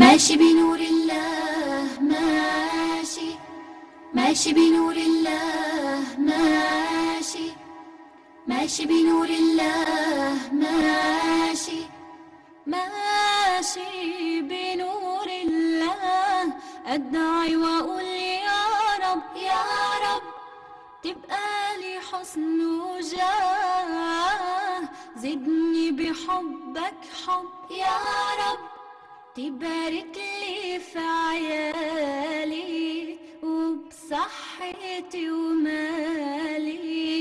ماشي بنور الله ماشي ماشي بنور الله ماشي ماشي بنور الله ماشي ماشي بنور الله أدعي وأقول يا رب يا رب تبقى لي حسن وجاه زدني بحبك حب يا رب تبارك لي في عيالي وبصحتي ومالي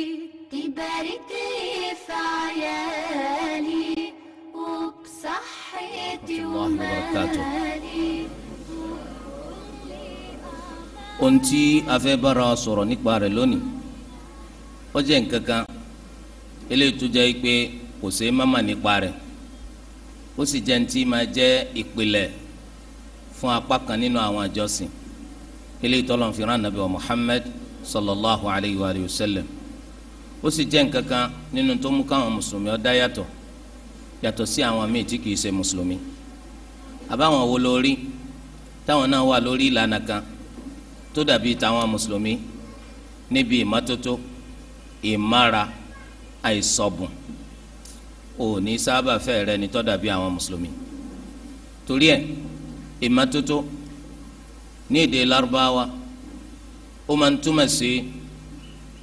تبارك لي في عيالي وبصحتي ومالي ohun tí a fẹ́ bára wa sọ̀rọ̀ nípa rẹ̀ lónìí ó jẹ́ nǹkan kan eléyìí tó jẹ́ pé kò sí mọ́mọ́ nípa rẹ̀ ó sì jẹ́ ntí máa jẹ́ ìpìlẹ̀ fún apá kan nínú àwọn àjọsìn eléyìí tọ́lọ̀ fi rán nàbẹ̀ wa Muhammad sallallahu alayhi wa sallam ó sì jẹ́ nǹkan kan nínú tó mú káwọn mùsùlùmí ó dá yàtọ̀ yàtọ̀ sí àwọn míì tí kìí ṣe mùsùlùmí àbáwọn wo lórí táwọn náà wà lórí ìlànà kan tó dàbí táwọn mùsùlùmí níbi ìmọ́tótó ìmára àìsọ̀bùn ò ní sábà fẹ́ rẹ ní tó dàbí àwọn mùsùlùmí torí ẹ̀ ìmọ́tótó ní èdè lárúbáwá ó máa ń túmọ̀ sí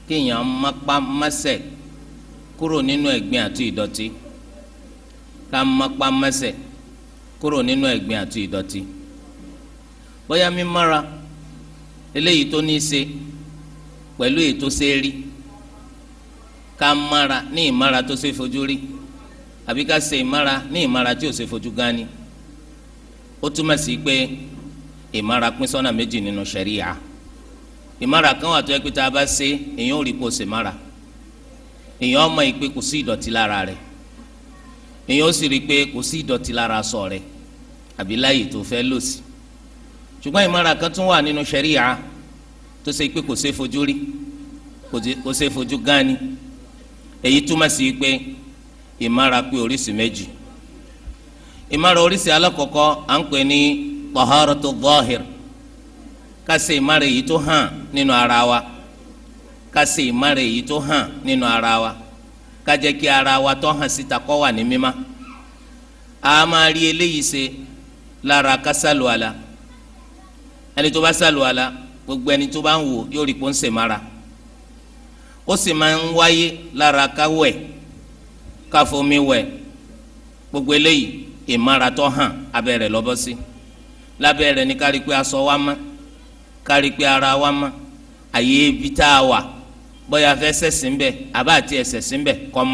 kéèyàn mápá mẹ́sẹ̀ kúrò nínú ẹ̀gbin àti ìdọ̀tí ká mápá mẹ́sẹ̀ kúrò nínú ẹ̀gbin àti ìdọ̀tí bóyá mímára eléyìí tó ní í ṣe pẹ̀lú ètò ṣe rí ká mára ní ìmára tó ṣe fojú rí àbí ká ṣe ìmára ní ìmára tí ò ṣe fojú gani ó túmọ̀ sí pé ìmára pín sọ́nà méjì nínú ṣẹ̀ríà ìmára kan wà tó yẹ pé tá a bá ṣe èèyàn ò rí kó ṣe mára èèyàn ọmọ yìí pé kò sí ìdọ̀tí lára rẹ̀ èèyàn ó sì rí i pé kò sí ìdọ̀tí lára aṣọ rẹ̀ àbí láàyè tó fẹ́ lò sí ṣùgbọ́n ìmára kan tún wà nínú ṣẹ̀ríà tó ṣe pé kò ṣe fojú rí kò ṣe fojú gani èyí túmọ̀ sí pé ìmára pé oríṣi méjì ìmára oríṣi alákọ̀ọ́kọ́ à ń pè ní taharatu zahir ká ṣe ìmára èyí tó hàn nínú ara wa ká ṣe ìmára èyí tó hàn nínú ara wa ká jẹ́ kí ara wa tó hàn síta kó wà ní mímá a máa rí eléyìí ṣe lára ká sálùwàlà ẹni tó bá sálùwàlà gbogbo ẹni tó bá ń wò yóò rí pé ó ó sì máa ń wáyé lára ká wẹ̀ Kafomi wẹ̀ gbogbo eléyìí ìmáratọ́ hàn abẹ́rẹ́ lọ́bọ́ sí lábẹ́rẹ́ ní kárí pé aṣọ wa mọ́ kárí pé ara wa mọ́ àyè ibi tá a wà bóyá fẹ́ sẹ̀sìn bẹ̀ àbá àti ẹ̀sẹ̀sìn bẹ̀ kọ́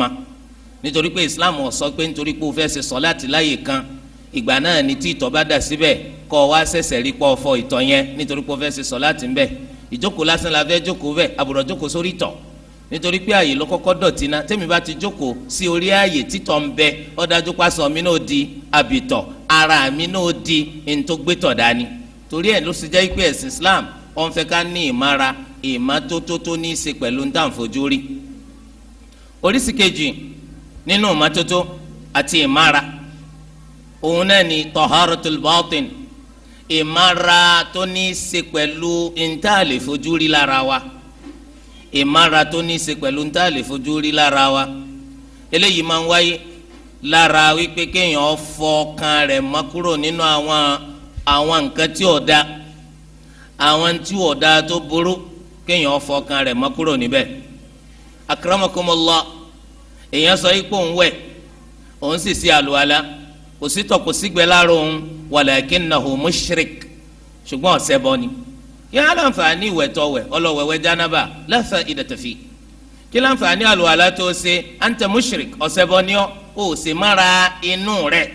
nítorí pé Islam ó sọ pé nítorí pé o fẹ́ ṣe sọ̀láàtì láyè kan ìgbà náà ni tí ìtọ̀ bá dà síbẹ̀ kọ́ ọ wá sẹ̀sẹ̀ rí pọ̀ fọ ìtọ̀ yẹn nítorí pé o fẹ́ ṣe sọ̀láàtì ń ìjókòó lásán la fẹ́ jókòó bẹ̀ àbùrọ̀ jókòó sórí ìtọ̀ nítorí pé ààyè ló kọ́kọ́ dọ̀tí náà tẹ́mi bá ti jókòó sí orí ààyè títọ́ ń bẹ ó dájú mi náà di àbìtọ̀ ara mi náà di ntògbétọ̀ dání torí ẹ̀ ló ṣe jẹ́ pé ẹ̀sìn Islam ó ń fẹ́ ká ní ìmára ìmátótó tó ní í ṣe pẹ̀lú ntàǹfojú rí oríṣi kejì nínú ìmátótó àti ìmára òun náà ni taharatul batin ìmára tó ní í ṣe pẹ̀lú ntàlẹ́fojú lára wa ìmára tó ní í ṣe pẹ̀lú níta lè fojú rí lára wa eléyìí máa ń wáyé lára wípé kéèyàn fọ ọkàn rẹ̀ mọ́ kúrò nínú àwọn àwọn nǹkan tí ò da àwọn tí ò da tó burú kéèyàn fọ ọkàn rẹ̀ mọ́ kúrò níbẹ̀ akramakumullah èèyàn sọ yìí pé òun wẹ̀ òun sì sí àlùwalá kò sí tọ̀ kò sígbẹ́ láàrọ̀ òun walakinnahu mushrik ṣùgbọ́n ọ̀sẹ̀ bọ́ ni yẹn aláǹfààní ìwẹ̀tọ̀wẹ̀ ọlọ́wẹ̀wẹ̀ jánábà lẹ́sà ìdẹ̀tẹ̀fì kí láǹfààní àlùwàlá tó ṣe anta mushrik ọ̀sẹ̀bọ̀niọ́ ò sì mára inú rẹ̀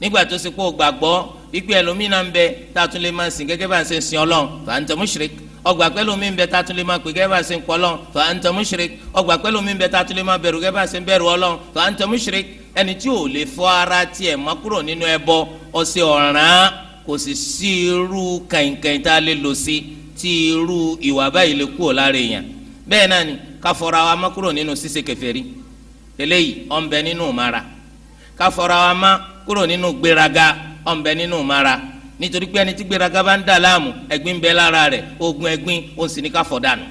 nígbà tó ṣe pé o gbàgbọ́ wípé ẹlòmínà ń bẹ tá a tún lè máa sìn gẹ́gẹ́ bá a ṣe ń sìn ọlọ́run fa anta mushrik ọgbà pẹ́lú mi ń bẹ tá a tún lè máa pè gẹ́gẹ́ bá a ṣe ń pọ́lọ́n fa anta mushrik ọgbà pẹ́lú mi ń bẹ tá a tún lè máa bẹ̀rù gẹ́gẹ́ bá a ṣe ń bẹ̀rù ọlọ́run fa anta mushrik ẹni tí ò lè fọ ara tiẹ̀ mọ́ kúrò nínú ẹbọ ọ̀sẹ̀ ọ̀ràn kò sì sí irú kàìnkàìn tá a lè lò sí tí irú ìwà báyìí lè kúrò lára èèyàn bẹ́ẹ̀ náà ni ká fọra wa má kúrò nínú ṣíṣe kèfèrí eléyìí ọ̀nbẹ nínú ìmara ká fọra wa má kúrò nínú gbéraga ọ̀nbẹ nínú ìmara nítorí pé ẹni tí gbéraga bá ń dà láàmú ẹ̀gbin bẹ lára rẹ̀ ogun ẹ̀gbin ó sì ní ká fọ̀ dànù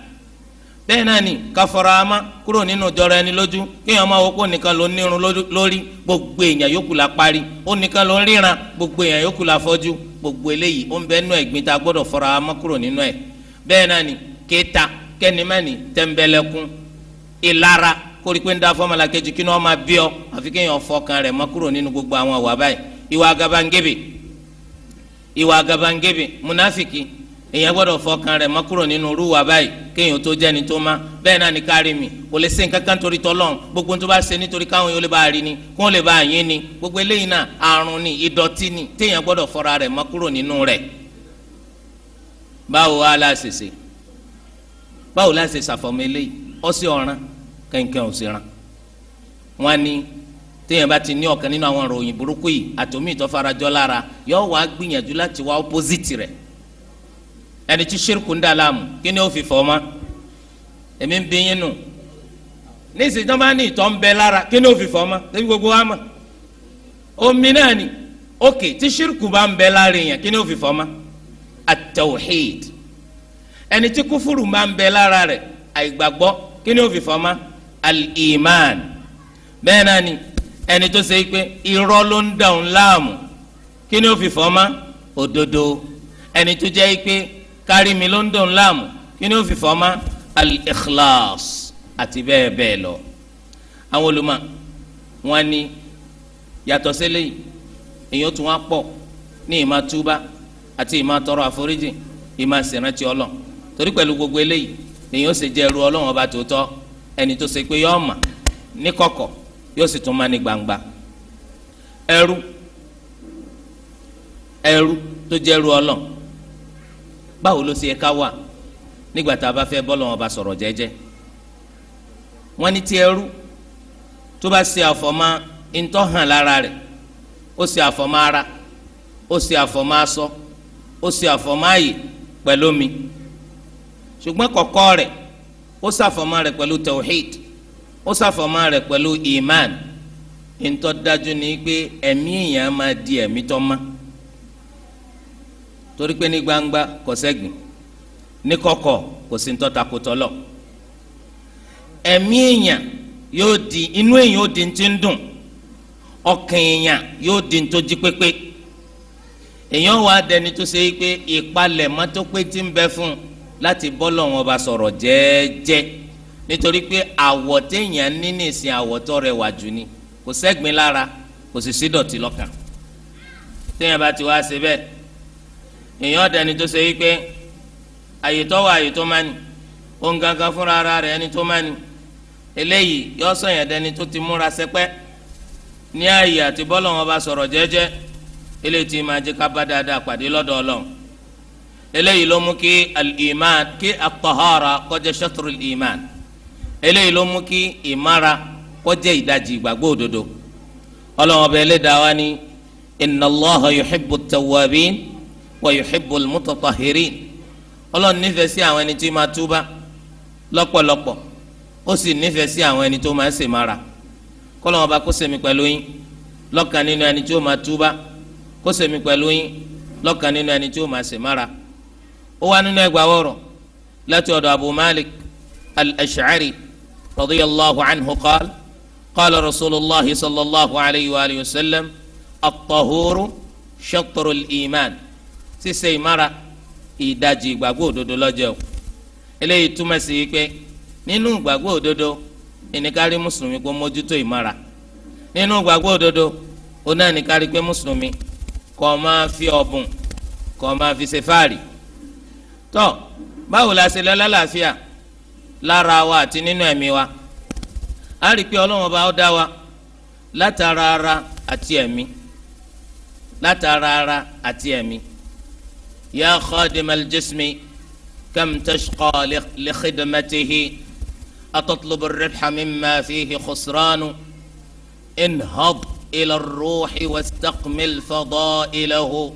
bẹ́ẹ̀ náà ni ká ama kúrò nínú jọrọ ẹni lójú kéèyàn máa wọ pé ònìkan ló nírun lórí gbogbo èèyàn yòókù la parí ònìkan ló ríran gbogbo èèyàn yòókù la fọ́jú gbogbo eléyìí ó ń bẹ́ẹ̀ nú ẹ̀gbin tá a gbọ́dọ̀ ama kúrò nínú ẹ̀ bẹ́ẹ̀ náà ni kéta kẹ́nìmẹ́ni tẹ́ńbẹ́lẹ́kún ìlara kórí pé ń da èèyàn gbọ́dọ̀ fọkàn rẹ̀ mọ́ kúrò nínú rúwà báyìí kéèyàn tó jẹ́ ni tó má bẹ́ẹ̀ náà ní kárí mi kò lè ṣe nǹkan torí tọ́lọ́n gbogbo tó bá ṣe nítorí káwọn yóò lè bá rí ni kó lè bá yín ni gbogbo eléyìí náà àrùn ni ìdọ̀tí ni téèyàn gbọ́dọ̀ fọra rẹ̀ mọ́ kúrò nínú rẹ̀. báwo wá la ṣe ṣe báwo la ṣe ṣàfọ̀mọ́ eléyìí ọ̀sì ọ̀ràn kẹ̀kẹ́ ò sí ràn wọ́n ní téèyàn bá ti ní ọ̀kan nínú àwọn ìròyìn burúkú yìí àtòmí ẹni tí ṣírkù ń dà láàmú kí ni ó fi fọ́ ma èmi ń bí yín nù ní ìsèjọba ní ìtọ́ ń bẹ lára kí ni ó fi fọ́ ma débi gbogbo wa mọ̀ omi náà ni òkè tí ṣírkù bá ń bẹ lára èèyàn kí ni ó fi fọ́ ma at-tawhid ẹni tí kúfúrù máa ń bẹ lára rẹ̀ àìgbàgbọ́ kí ni ó fi fọ́ ma al-iman bẹ́ẹ̀ náà ni ẹni tó ṣe pé irọ́ ló ń dàn láàmú kí ni ó fi fọ́ ma òdodo ẹni tó jẹ́ pé kárí mi ló ń dùn láàmú kí ni ó fi fọ́ ma al-ikhlas àti bẹ́ẹ̀ bẹ́ẹ̀ lọ. àwọn olùmọ̀ wọn ni yàtọ̀ sílẹ̀ yìí èèyàn tún wá pọ̀ ní ìmá túbá àti ìmá tọrọ àforíjì ìmá ṣèrántí Ọlọ́run torí pẹ̀lú gbogbo eléyìí èèyàn ó sì jẹ́ ẹrú Ọlọ́run ọba tòótọ́ ẹni tó ṣe pé yọ́ọ́ ní kọ̀kọ̀ yóò sì tún má ní gbangba ẹrú ẹrú tó jẹ́ ẹrú Ọlọ́run báwo ló ṣe yẹ ká wà nígbà tá a bá fẹ́ bọ́lọ̀ wọn bá sọ̀rọ̀ jẹ́jẹ́ wọ́n ní tí ẹrú tó bá ṣe àfọ̀mọ́ ntọ́ hàn lára rẹ̀ ó ṣe àfọ̀mọ́ ara ó ṣe àfọ̀mọ́ aṣọ ó ṣe àfọ̀mọ́ ààyè pẹ̀lú omi ṣùgbọ́n kọ̀kọ́ rẹ̀ ó ṣàfọ̀mọ́ rẹ̀ pẹ̀lú tawhid ó ṣàfọ̀mọ́ rẹ̀ pẹ̀lú iman ntọ́ dájú ni pé ẹ̀mí èèyàn máa di ẹ̀mí tọ́ máa torí pé ní gbangba kò sẹ́gbìn ní kọ̀kọ̀ kò sí ń tọ́ta kó tọ́lọ̀ ẹ̀mí èèyàn yóò di inú èèyàn ó di ti ń dùn ọkàn èèyàn yóò di tó jí pépé èèyàn wà á dẹni tó ṣe pé ìpalẹ̀ mọ́tò pé ti ń bẹ fún un láti bọ́ lọ́wọ́n bá sọ̀rọ̀ jẹ́ẹ́jẹ́ nítorí pé àwọ̀ téèyàn ní nìsín àwọ̀ tó rẹwà jù ni kò sẹ́gbin lára kò sì sí dọ̀tí lọ́kàn téèyàn bá ti wá ṣe bẹ́ẹ̀ èèyàn dẹni tó ṣe wípé àyè tó wà àyè tó má ni òun gangan fúnra ara rẹ̀ ẹni tó má ni eléyìí yọ sọyàn dẹni tó ti múra sẹpẹ́ ní àyè àti bọ́lọ̀ wọn bá sọ̀rọ̀ jẹ́jẹ́ eléyìí tí máa jẹ́ ká bá dáadáa pàdé lọ́dọ̀ ọlọ́run eléyìí ló mú kí al-iman kí at-tahara kó jẹ́ iman eléyìí ló mú kí ìmára kó ìdajì ìgbàgbọ́ òdodo ọlọ́run ọba ẹlẹ́dàá wa ni inna Allaha yuhibbu at-tawwabin wa yuhibbul mutatahhirin ọlọ́run nífẹ̀ẹ́ sí àwọn ẹni tí máa túbá lọ́pọ̀lọpọ̀ ó sì nífẹ̀ẹ́ sí àwọn ẹni tó máa ṣèmára kọ́lọ́n ọba kó ṣèmi pẹ̀lú yín lọ́kàn nínú ẹni tí ó máa túbá kó ṣèmi pẹ̀lú yín lọ́kàn nínú ẹni tí ó máa ṣèmára ó wá nínú ẹgbàá wọ̀rọ̀ láti ọ̀dọ̀ Abu Malik al-Ash'ari radiyallahu anhu qala qala rasulillah sallallahu alayhi wa alihi wa sallam at-tahuru shatrul iman ṣíṣe ìmára ìdajì ìgbàgbọ́ òdodo lọ́jọ́ o eléyìí túmọ̀ sí pé nínú ìgbàgbọ́ òdodo ìníkárí mùsùlùmí kó mójútó ìmára nínú ìgbàgbọ́ òdodo ó náà níkárí pé mùsùlùmí kó máa fi ọ̀bùn kó máa fi ṣe fáàrí tó báwo la ṣe lọ lálàáfíà lára wa àti nínú ẹ̀mí wa a rí i pé ọlọ́run ọba ó dá wa látara ara àti ẹ̀mí látara ara àti ẹ̀mí يا خادم الجسم كم تشقى لخدمته أتطلب الربح مما فيه خسران انهض إلى الروح واستقمل فضائله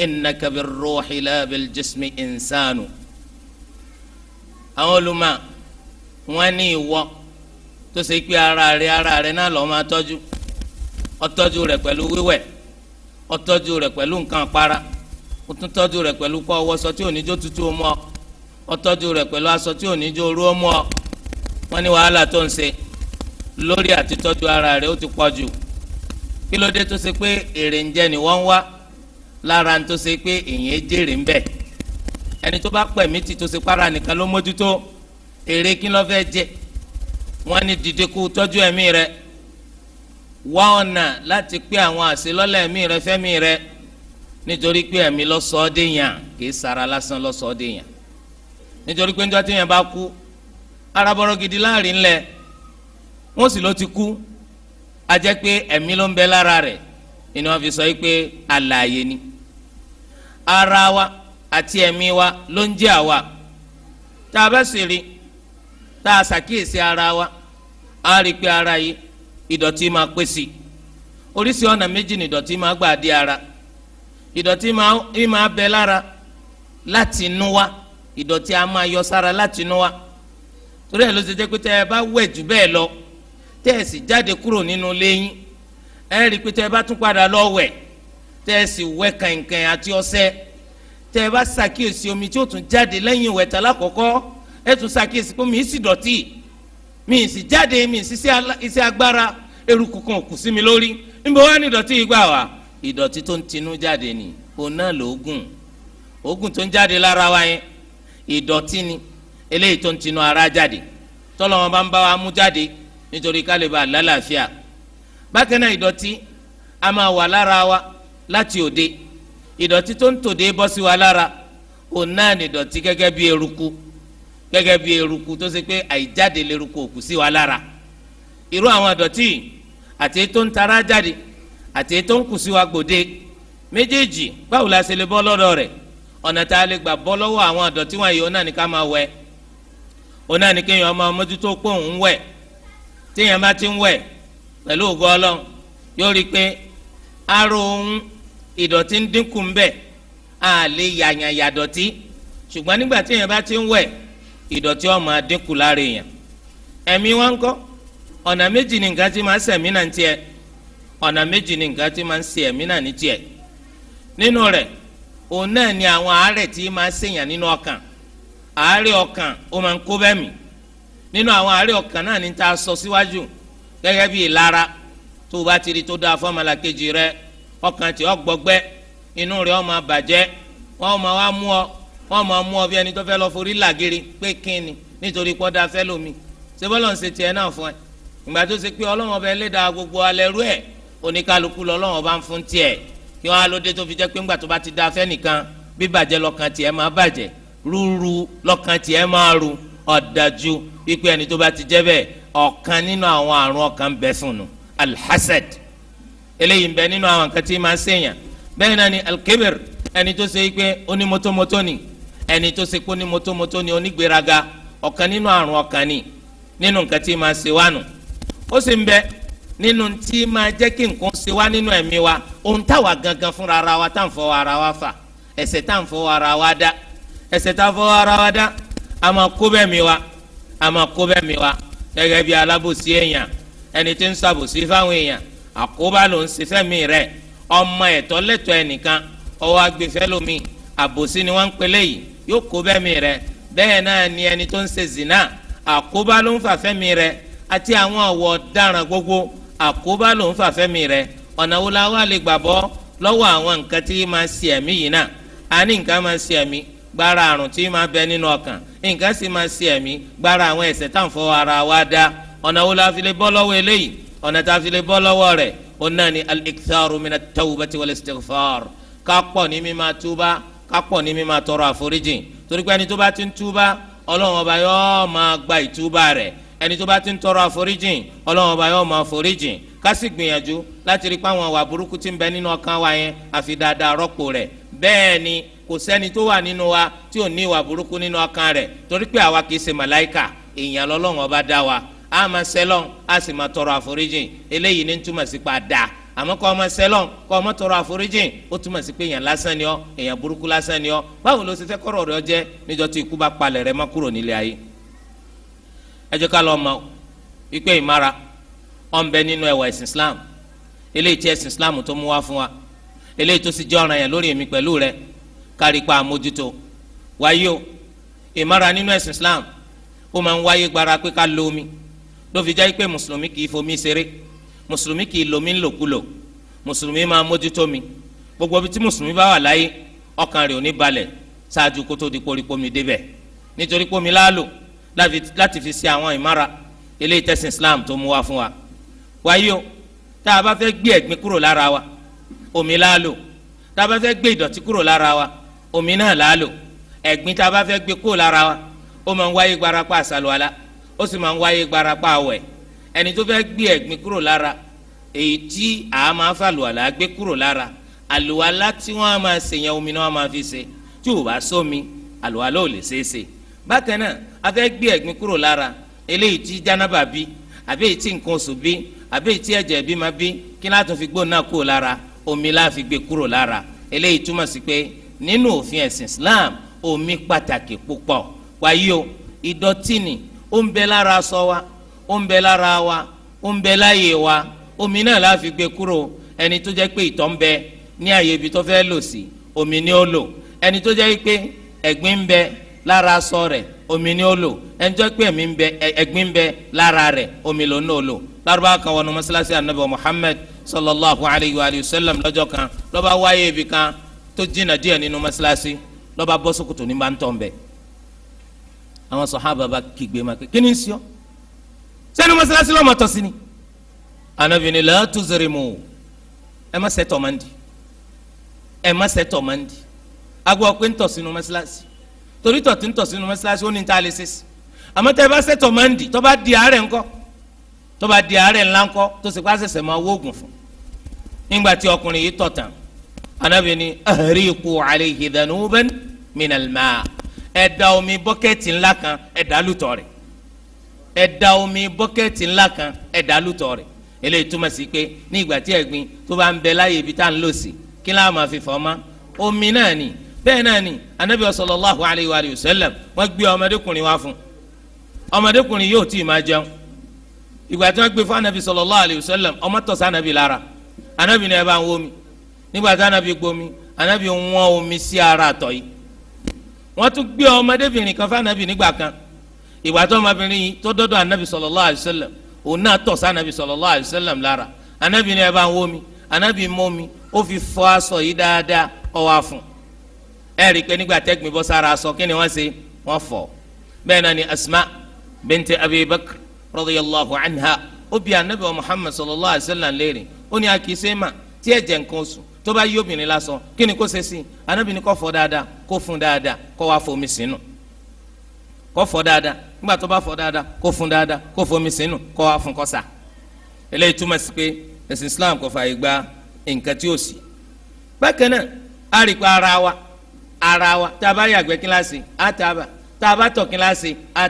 إنك بالروح لا بالجسم إنسان أول ما واني و ìwọ tó أراري pé ara rẹ ara rẹ náà lọ́ọ́ máa tọ́jú ó tọ́jú rẹ̀ pẹ̀lú o tún tọ́jú rẹ̀ pẹ̀lú kọ́ ọwọ́sọ tí oníjó tutù mú ọ ọ tọ́jú rẹ̀ pẹ̀lú aṣọ tí oníjó orú mú ọ wọ́n ní wàhálà tó ń ṣe lórí àti ara rẹ̀ ó ti pọ̀ jù kí ló dé tó ṣe pé èrè ń jẹ ni wọ́n ń wá lára ń tó ṣe pé èyàn jèrè ń bẹ̀ ẹni tó bá pẹ̀mí ti tó ṣe para nìkan ló mójútó èrè kí ló fẹ́ jẹ wọ́n ní dìde kú tọ́jú ẹ̀mí rẹ̀ wá ọ̀nà láti pé àwọn àṣelọ́lẹ̀ ẹ̀mí rẹ̀ fẹ́mi rẹ̀ nítorí pé ẹ̀mí lọ́sọ̀ọ́ déyàn kìí sara lásán lọ́sọ̀ọ́ déyàn nítorí pé níjọ́ téèyàn bá kú arábọ́rọ́ gidi láàrin ńlẹ̀ wọ́n sì ló ti kú a jẹ́ pé ẹ̀mí ló ń bẹ lára rẹ̀ ni wọ́n fi sọ pé ni ara wa àti ẹ̀mí wa ló ń jẹ́ àwa tá a bá sì ara wa a rí ara yìí ìdọ̀tí máa pèsè oríṣi ọ̀nà méjì ni ara ìdọ̀tí máa bẹ lára láti inú wa ìdọ̀tí a máa yọ sára láti inú wa torí ẹ̀ ló ṣe jẹ́ pé bá wẹ̀ jù bẹ́ẹ̀ lọ tẹ́ ẹ jáde kúrò nínú léyìn ẹ rí i pé bá tún padà lọ wẹ̀ tẹ́ ẹ sì kàìnkàìn àti tẹ́ ẹ omi tí ó jáde lẹ́yìn lákọ̀ọ́kọ́ ẹ tún ṣàkíyèsí pé dọ̀tí mi jáde mi agbára eruku kan kù sí mi lórí wá ní ìdọ̀tí tó ń tinú jáde ni òun náà lòógùn òógùn tó ń jáde lára wa yẹn ìdọ̀tí ni eléyìí tó ń tinú ara jáde tọ́lọ́wọ́n bá ń bá wa mú jáde nítorí ká lè bá a lálàáfíà bákan náà ìdọ̀tí a máa wà lára wa láti òde ìdọ̀tí tó ń tòde bọ́ sí wa lára òun náà ni ìdọ̀tí gẹ́gẹ́ bí eruku gẹ́gẹ́ bí eruku tó ṣe pé àìjáde leruku òkú sí wa lára irú àwọn ìdọ̀tí àti tó ń tara jáde àti ètò ń kù sí wa gbòde méjèèjì báwo la ṣe lè bọ́ lọ́dọ̀ rẹ̀ ọ̀nà tá a lè gbà bọ́ lọ́wọ́ àwọn àdọ̀tí wọ̀nyí ọ̀nà ni ká máa wẹ̀ ọ̀nà ni kéèyàn ọmọ mójútó pòun ń wẹ̀ téèyàn bá ti ń wẹ̀ pẹ̀lú ògo ọlọ́run yóò rí i pé aró ohun ìdọ̀tí ń dínkù ń bẹ̀ á lè yàyàn yàdọ̀tí ṣùgbọ́n nígbà téèyàn bá ti ń wẹ̀ ìdọ̀tí ó máa dínkù lára ẹ̀mí wọn kọ́ ọ̀nà méjì ni nǹkan ti máa sẹ̀mí náà ń tiẹ̀ ọ̀nà méjì ni nǹkan ti máa ń ṣe ẹ̀mí náà ní tiẹ̀ nínú rẹ̀ òun ni àwọn àárẹ̀ tí máa ń ṣèyàn nínú ọkàn àárẹ̀ ọkàn ó máa ń kó bẹ́ẹ̀ mì nínú àwọn àárẹ̀ ọkàn náà ni tá sọ síwájú gẹ́gẹ́ bí ìlara tó o bá ti rí tó dáa fún ọmọlàkejì rẹ ọkàn tí ó gbọgbẹ́ inú rẹ̀ mú ọ mú ọ bí ẹni tó fẹ́ lọ forí pé nítorí fẹ́ lómi ṣé ń tiẹ̀ náà fún ẹ ìgbà tó ṣe pé ọlọ́wọ́n gbogbo alẹ́ oníkálukú lọ́lọ́wọ́ bá ń fún tiẹ̀ kí wọ́n á ló dé tó fi jẹ́ pé ńgbà tó bá ti da fẹ́nìkan bíbàjẹ́ lọ́kàn tiẹ̀ máa bàjẹ́ rúru lọ́kàn tiẹ̀ máa ru ọ̀dájú wípé ẹni tó bá ti jẹ́ bẹ́ẹ̀ ọ̀kan nínú àwọn àrùn ọkàn ń bẹ fún un alhassad eléyìí ń bẹ nínú àwọn nǹkan tí máa ń ṣèyàn bẹ́ẹ̀ náà ni alkebir ẹni tó ṣe pé onímọ́tómọ́tó ni ẹni tó ṣe pé onímọ́tómọ́tó ni onígbéraga ọ̀kan nínú àrùn ọkàn ni nínú nǹkan tí máa ń ṣe wánu ó sì ń bẹ́ẹ̀ nínú tí máa jẹ́ kí nǹkan ṣe wá nínú ẹ̀mí wa ohun táwa gangan fúnra ara wa tá à ń fọwọ́ ara wa fà ẹ̀ṣẹ̀ tá à ń fọwọ́ ara wa dá ẹ̀ṣẹ̀ tá à ń fọwọ́ ara wa dá a máa kó bẹ́ẹ̀ mi wa a máa kó bẹ́ẹ̀ mi wa gẹ́gẹ́ bí alábòsí èèyàn ẹni tí ń ṣàbòsí fáwọn èèyàn àkóbá ló ń ṣe fẹ́mi rẹ̀ ọmọ ẹ̀tọ́ lẹ́tọ́ ẹnìkan ọwọ́ agbèfẹ́ lomi àbòsí ni wọ́n ń pelé yìí yóò kó bẹ́ẹ̀ mi rẹ̀ bẹ́ẹ̀ náà ni ẹni tó ń ṣe zina àkóbá ló ń fà fẹ́mi rẹ̀ àti àwọn ọ̀wọ́ ọ̀daràn gbogbo àkóbá ló ń fàfẹ́mi rẹ ọ̀nà wo la wà lè gbà bọ́ lọ́wọ́ àwọn nǹkan tí máa ṣe ẹ̀mí yìí náà a ní nǹkan máa ṣe ẹ̀mí gbára àrùn tí máa bẹ nínú ọkàn nǹkan sì máa ṣe ẹ̀mí gbára àwọn ẹ̀ṣẹ̀ tá à ń fọ ara wa dá ọ̀nà wo la fi lè bọ́ lọ́wọ́ eléyìí ọ̀nà tá a fi lè bọ́ lọ́wọ́ rẹ̀ òun ni al-iktharu min at-tawbati wal-istighfar ní mímá túbá ká ní mímá tọrọ àforíjìn torí pé ẹni tó bá ti ń túbá ọlọ́run ọba yóò máa gba ìtúbà rẹ̀ ẹni tó bá ti ń tọrọ àforíjìn ọlọ́run ọba yóò máa foríjìn ká sì gbìyànjú láti rí i pé àwọn àwà burúkú ti ń bẹ nínú ọkàn wa yẹn àfi dáadáa rọ́pò rẹ̀ bẹ́ẹ̀ ni kò sẹ́ni tó wà nínú wa tí ò ní ìwà burúkú nínú ọkàn rẹ̀ torí pé àwa kì ṣe màláìkà èèyàn lọ́lọ́run ọba dá wa a máa sẹ́lọ̀n a sì máa tọrọ àforíjìn eléyìí ní túmọ̀ sí pa dáa àmọ́ kọ́ ọmọ sẹ́lọ̀n kọ́ ọmọ tọrọ àforíjìn ó túmọ̀ sí pé èèyàn lásán ni ọ́ èèyàn burúkú lásán ni ọ́ báwo ló ṣe fẹ́ kọ́rọ̀ rẹ̀ jẹ́ níjọ́ tí ikú bá palẹ̀ rẹ̀ mọ́ kúrò nílé ayé ẹ jẹ́ ká lọ mọ̀ wípé ìmára ọ̀nbẹ nínú ẹwà ẹ̀sìn islam eléyìí tí ẹ̀sìn islam tó mú wá fún wa eléyìí tó sì jẹ́ ọ̀ràn yẹn lórí èmi pẹ̀lú rẹ kárí pa àmójútó wáyé o ìmára nínú ẹ̀sìn islam ó máa ń wáyé gbára pé ká lo omi ló fi jẹ́ pé mùsùlùmí kì í fomi ṣeré mùsùlùmí kì í lomi ńlòkulò mùsùlùmí máa mójútó mi gbogbo ibi tí mùsùlùmí bá wà láyé ọkàn rẹ̀ ò ní balẹ̀ ṣáájú kó di koríko mi débẹ̀ nítorí pé omi láàlò láti fi ṣe àwọn ìmára eléyìí tẹ̀sìn Islam tó mú wa fún wa wáyé o tá a bá fẹ́ gbé ẹ̀gbin kúrò lára wa omi la lò tá a bá fẹ́ gbé ìdọ̀tí kúrò lára wa omi náà la lò ẹ̀gbin tá a bá fẹ́ gbé kúrò lára wa ó máa ń wáyé gbarapa àsàlùwàlá ó sì máa ń wáyé gbarapa àwẹ̀ ẹni tó fẹ́ gbé ẹ̀gbin kúrò lára èyí tí a máa fàlùwàlá gbé kúrò lára àlùwàlá tí wọ́n á máa ṣèyàn omi náà máa fi ṣe tí ò bá sómi àlùwàlá ò lè ṣeé bákan náà afẹ́ gbé ẹ̀gbin kúrò lára eléyìí tí jánábà bí àbí èyí tí nǹkan oṣù bí àbí èyí tí ẹ̀jẹ̀ bí máa bí kí látún fi gbóná kúrò lára omi la fi gbé kúrò lára eléyìí túmọ̀ sí pé nínú òfin ẹ̀sìn Islam omi pàtàkì púpọ̀ wáyé o ìdọ̀tí ni ó ń bẹ lára aṣọ wa ó ń bẹ lára wa ó ń bẹ láyè wa omi náà la fi gbé kúrò ẹni tó jẹ́ pé ìtọ̀ ń bẹ ní àyè ibi tó fẹ́ lò sí omi ni ó lò ẹni tó jẹ́ pé ẹ̀gbin ń bẹ lára aṣọ rẹ̀ omi ni ó lò ẹnjọ́ pé ẹ̀mí ń bẹ ẹ̀gbin ń bẹ lára rẹ̀ omi ló náà lò lárúbá kan wọnú mọ́sálásí anabi muhammed sallallahu alayhi wa sallam lọ́jọ́ kan lọ́ba wáyé ibì kan tó jìnnà díẹ̀ nínú mọ́sálásí lọ́ba bọ́ sókòtò ní bá ń tọ̀ ń bẹ̀ àwọn sọ̀hábà bá kígbe máa kí ni sọ sẹ́nu mọ́sálásí lọ́mọ tọ́ sí ni anabi ni la tuzrimu ẹ má ṣe tọ̀ máa ń di ẹ má ṣe tọ̀ máa pé ń tọ̀ sínú mọ́sálásí torí tọ̀tí ń tọ̀ sínú mọ́ṣáláṣí ó ní ta lè ṣe sí àmọ́ tẹ́ ẹ bá ṣètò mọ́ndì tó bá di àárẹ̀ ńkọ́ tó bá di àárẹ̀ ńlá ńkọ́ tó sì pa ṣẹ̀ṣẹ̀ máa wóògùn fún nígbà tí ọkùnrin yìí tọ̀ tán anábì ni ahriqu alayhi dhanuban minal ma' ẹ da omi bọ́kẹ́tì ńlá kan ẹ lùtọ̀ rẹ̀ ẹ omi bọ́kẹ́tì ńlá kan ẹ lùtọ̀ rẹ̀ eléyìí túmọ̀ sí pé ní tí ẹ̀gbin tó bá ń bẹ láyé ibi tá à ń lò sí kí láwọn máa fi fọ́ ma omi náà ni bẹ́ẹ̀ náà ni anabi sallallahu alayhi wa sallam wọ́n gbé ọmọdékùnrin wá fún ọmọdékùnrin yóò tí ì máa jẹun ìgbà tí wọ́n gbé fún anabi sallallahu alayhi wa sallam ọmọ tọ̀sí anabi lára anabi náà bá ń wọ́n mi nígbà tí anabi gbomi anabi ń wọ́n omi sí ara àtọ̀ yìí wọ́n tún gbé ọmọdébìnrin kan fún anabi nígbà kan ìgbà tí ọmọbìnrin yìí tó dọ́dọ̀ anabi sallallahu alayhi wa sallam òun náà tọ̀sí anabi sallallahu alayhi wa sallam lára anabi náà bá ń wọ́n mi anabi mọ́ mi ó fi fọ aṣọ yìí dáadáa ọwọ́ àfún ẹ rí i pé nígbà tẹ́gbìn bọ́ sára aṣọ kí ni wọ́n ṣe wọ́n fọ̀ bẹ́ẹ̀ náà ni asma binti abi bakr radiyallahu anha obi anabi wa muhammad sallallahu alayhi wa sallam léèrè ó ní a kì í ṣe é mà tí ẹ jẹ nǹkan oṣù tó bá yí obìnrin lásán kí ni kó ṣe sí anabi ni kó fọ̀ dáadáa kó fún dáadáa kó wá fomi sínú kó fọ̀ dáadáa nígbà tó bá fọ̀ dáadáa kó fún dáadáa kó fomi sínú kó wá fún kọ́sà eléyìí túmọ̀ sí pé ẹ̀sìn islam kò fààyè gba nǹkan tí ó sì bákan náà a rí i ara wa ara wa tá a bá yàgbẹ́ kíláàsì á tá a bá tọ̀ kíláàsì á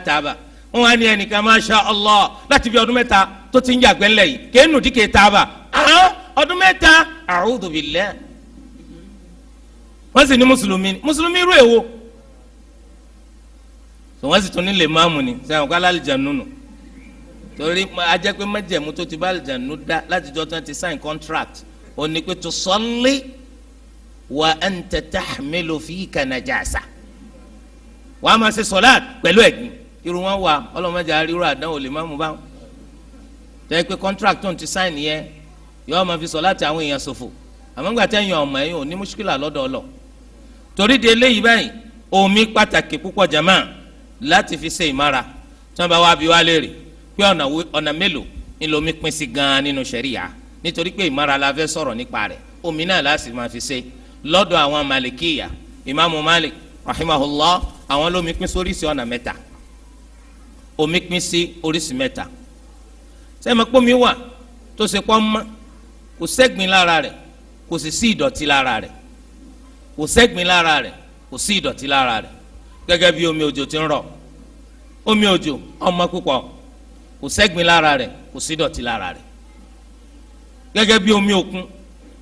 wọn á ní ẹnìkan masha allah láti fi ọdún mẹ́ta tó ti ń yàgbẹ́ ńlẹ̀ yìí kéénù dí kéé tà bá ọdún mẹ́ta a'udhu billah wọ́n sì ní mùsùlùmí mùsùlùmí irú èwo wọ́n sì tún nílé máàmù ni sẹ́wọ̀n kọ́ alálìjànú nù torí ajẹ́ pé mẹ́jẹ̀mú tó ti bá alìjànú dá látijọ́ tó ti sign contract òní pé tó sọ́ọ́lé wa anta tahmilu fika najasa wàá máa ṣe sọláàt pẹ̀lú ẹ̀gbìn irú wọn wà ọlọ́mọdé àríwá àdánwò lè má mú bá wọn tẹ́ pé contract tó ń ti sign yẹn yọ́ọ́ máa fi sọláàt àwọn èèyàn ṣòfò àmọ́ ńgbà tẹ́ yan ọmọ ẹ̀yìn ò ní mùṣkílà lọ́dọ̀ ọlọ torí de eléyìí báyìí omi pàtàkì púpọ̀ jama láti fi ṣe ìmára tí wọ́n bá wá bí wá léèrè pé ọ̀nà mélòó ni lomi pín sí gan nínú ṣẹ̀ríyà nítorí pé ìmára la fẹ́ sọ̀rọ̀ nípa rẹ̀ omi náà láti máa fi ṣe lọ́dọ̀ àwọn malikiya imaamu malik rahimahullah àwọn lómi pín sí oríṣi ọ̀nà mẹ́ta omi pín sí oríṣi mẹ́ta sẹ́mi pómi wà tó ṣe pọ́ mọ́ kò sẹ́gbin lára rẹ̀ kò sì sí ìdọ̀tí lára rẹ̀ kò sẹ́gbin lára rẹ̀ kò sí ìdọ̀tí lára rẹ̀ gẹ́gẹ́ bí omi òjò ti ń rọ̀ omi òjò ọmọ púpọ̀ kò sẹ́gbin lára rẹ̀ kò sí ìdọ̀tí lára rẹ̀ gẹ́gẹ́ bí omi òkun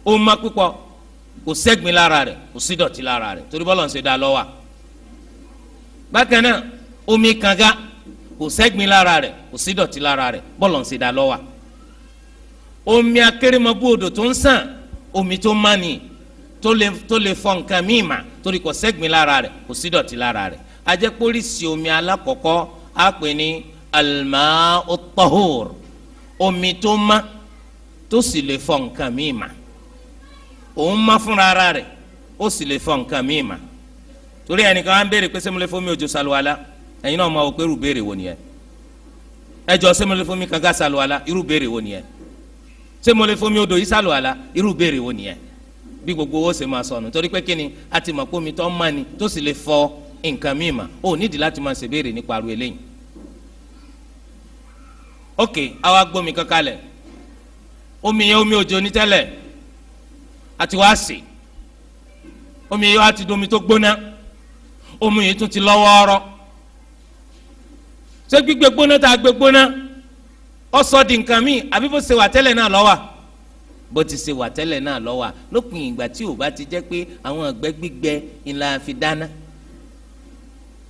ó púpọ̀ kò sẹ́gbin lára rẹ̀ kò sí dọ̀tí lára rẹ̀ torí bọ́lọ̀ ń ṣe dá lọ́wọ́ bákan náà omi kànga kò sẹ́gbin lára rẹ̀ kò sí dọ̀tí lára rẹ̀ bọ́lọ̀ ń ṣe dá lọ́wọ́ omi akérèmọ́bù odò tó ń sàn omi tó mánì tó lè tó lè fọ nǹkan míì mà torí kò sẹ́gbin lára rẹ̀ kò sí dọ̀tí lára rẹ̀ ajẹ́pọ̀lìsì omi alákọ̀ọ́kọ́ á pè ní almaa utahur omi tó má tó sì lè fọ nǹkan míì mà. òun má fúnra ara rẹ̀ ó sì lè fọ nǹkan míì ma torí ẹnìkan á ń béèrè pé sẹ́múlẹ̀ fún mi òjò sàlùwàlà ẹ̀yin náà máa wò pé irú béèrè wo nìyẹn ẹ jọ fún mi kànga sàlùwàlà irú béèrè wo nìyẹn sẹ́múlẹ̀ fún mi odò yìí gbogbo owó ṣe máa sọnù torí pé kíni a ti mọ̀ pé tó ń mani tó sì lè fọ nǹkan míì ma ó nídìí láti máa ṣèbéèrè nípa aru eléyìí ok àwa gbómi omi yẹn omi òjò ní tẹ́lẹ̀ àti wá sè omi yìí wá ti di omi tó gbóná omi yìí tún ti lọ́wọ́ọ́rọ́ ṣé gbígbé gbóná tá a gbé gbóná ó sọ di nǹkan míì àbí bó ṣe wà tẹ́lẹ̀ náà ló bó ti ṣe wà tẹ́lẹ̀ náà ló lópin ìgbà tí ò bá ti jẹ́ pé àwọn ìgbẹ́ gbígbẹ ńlá fi dáná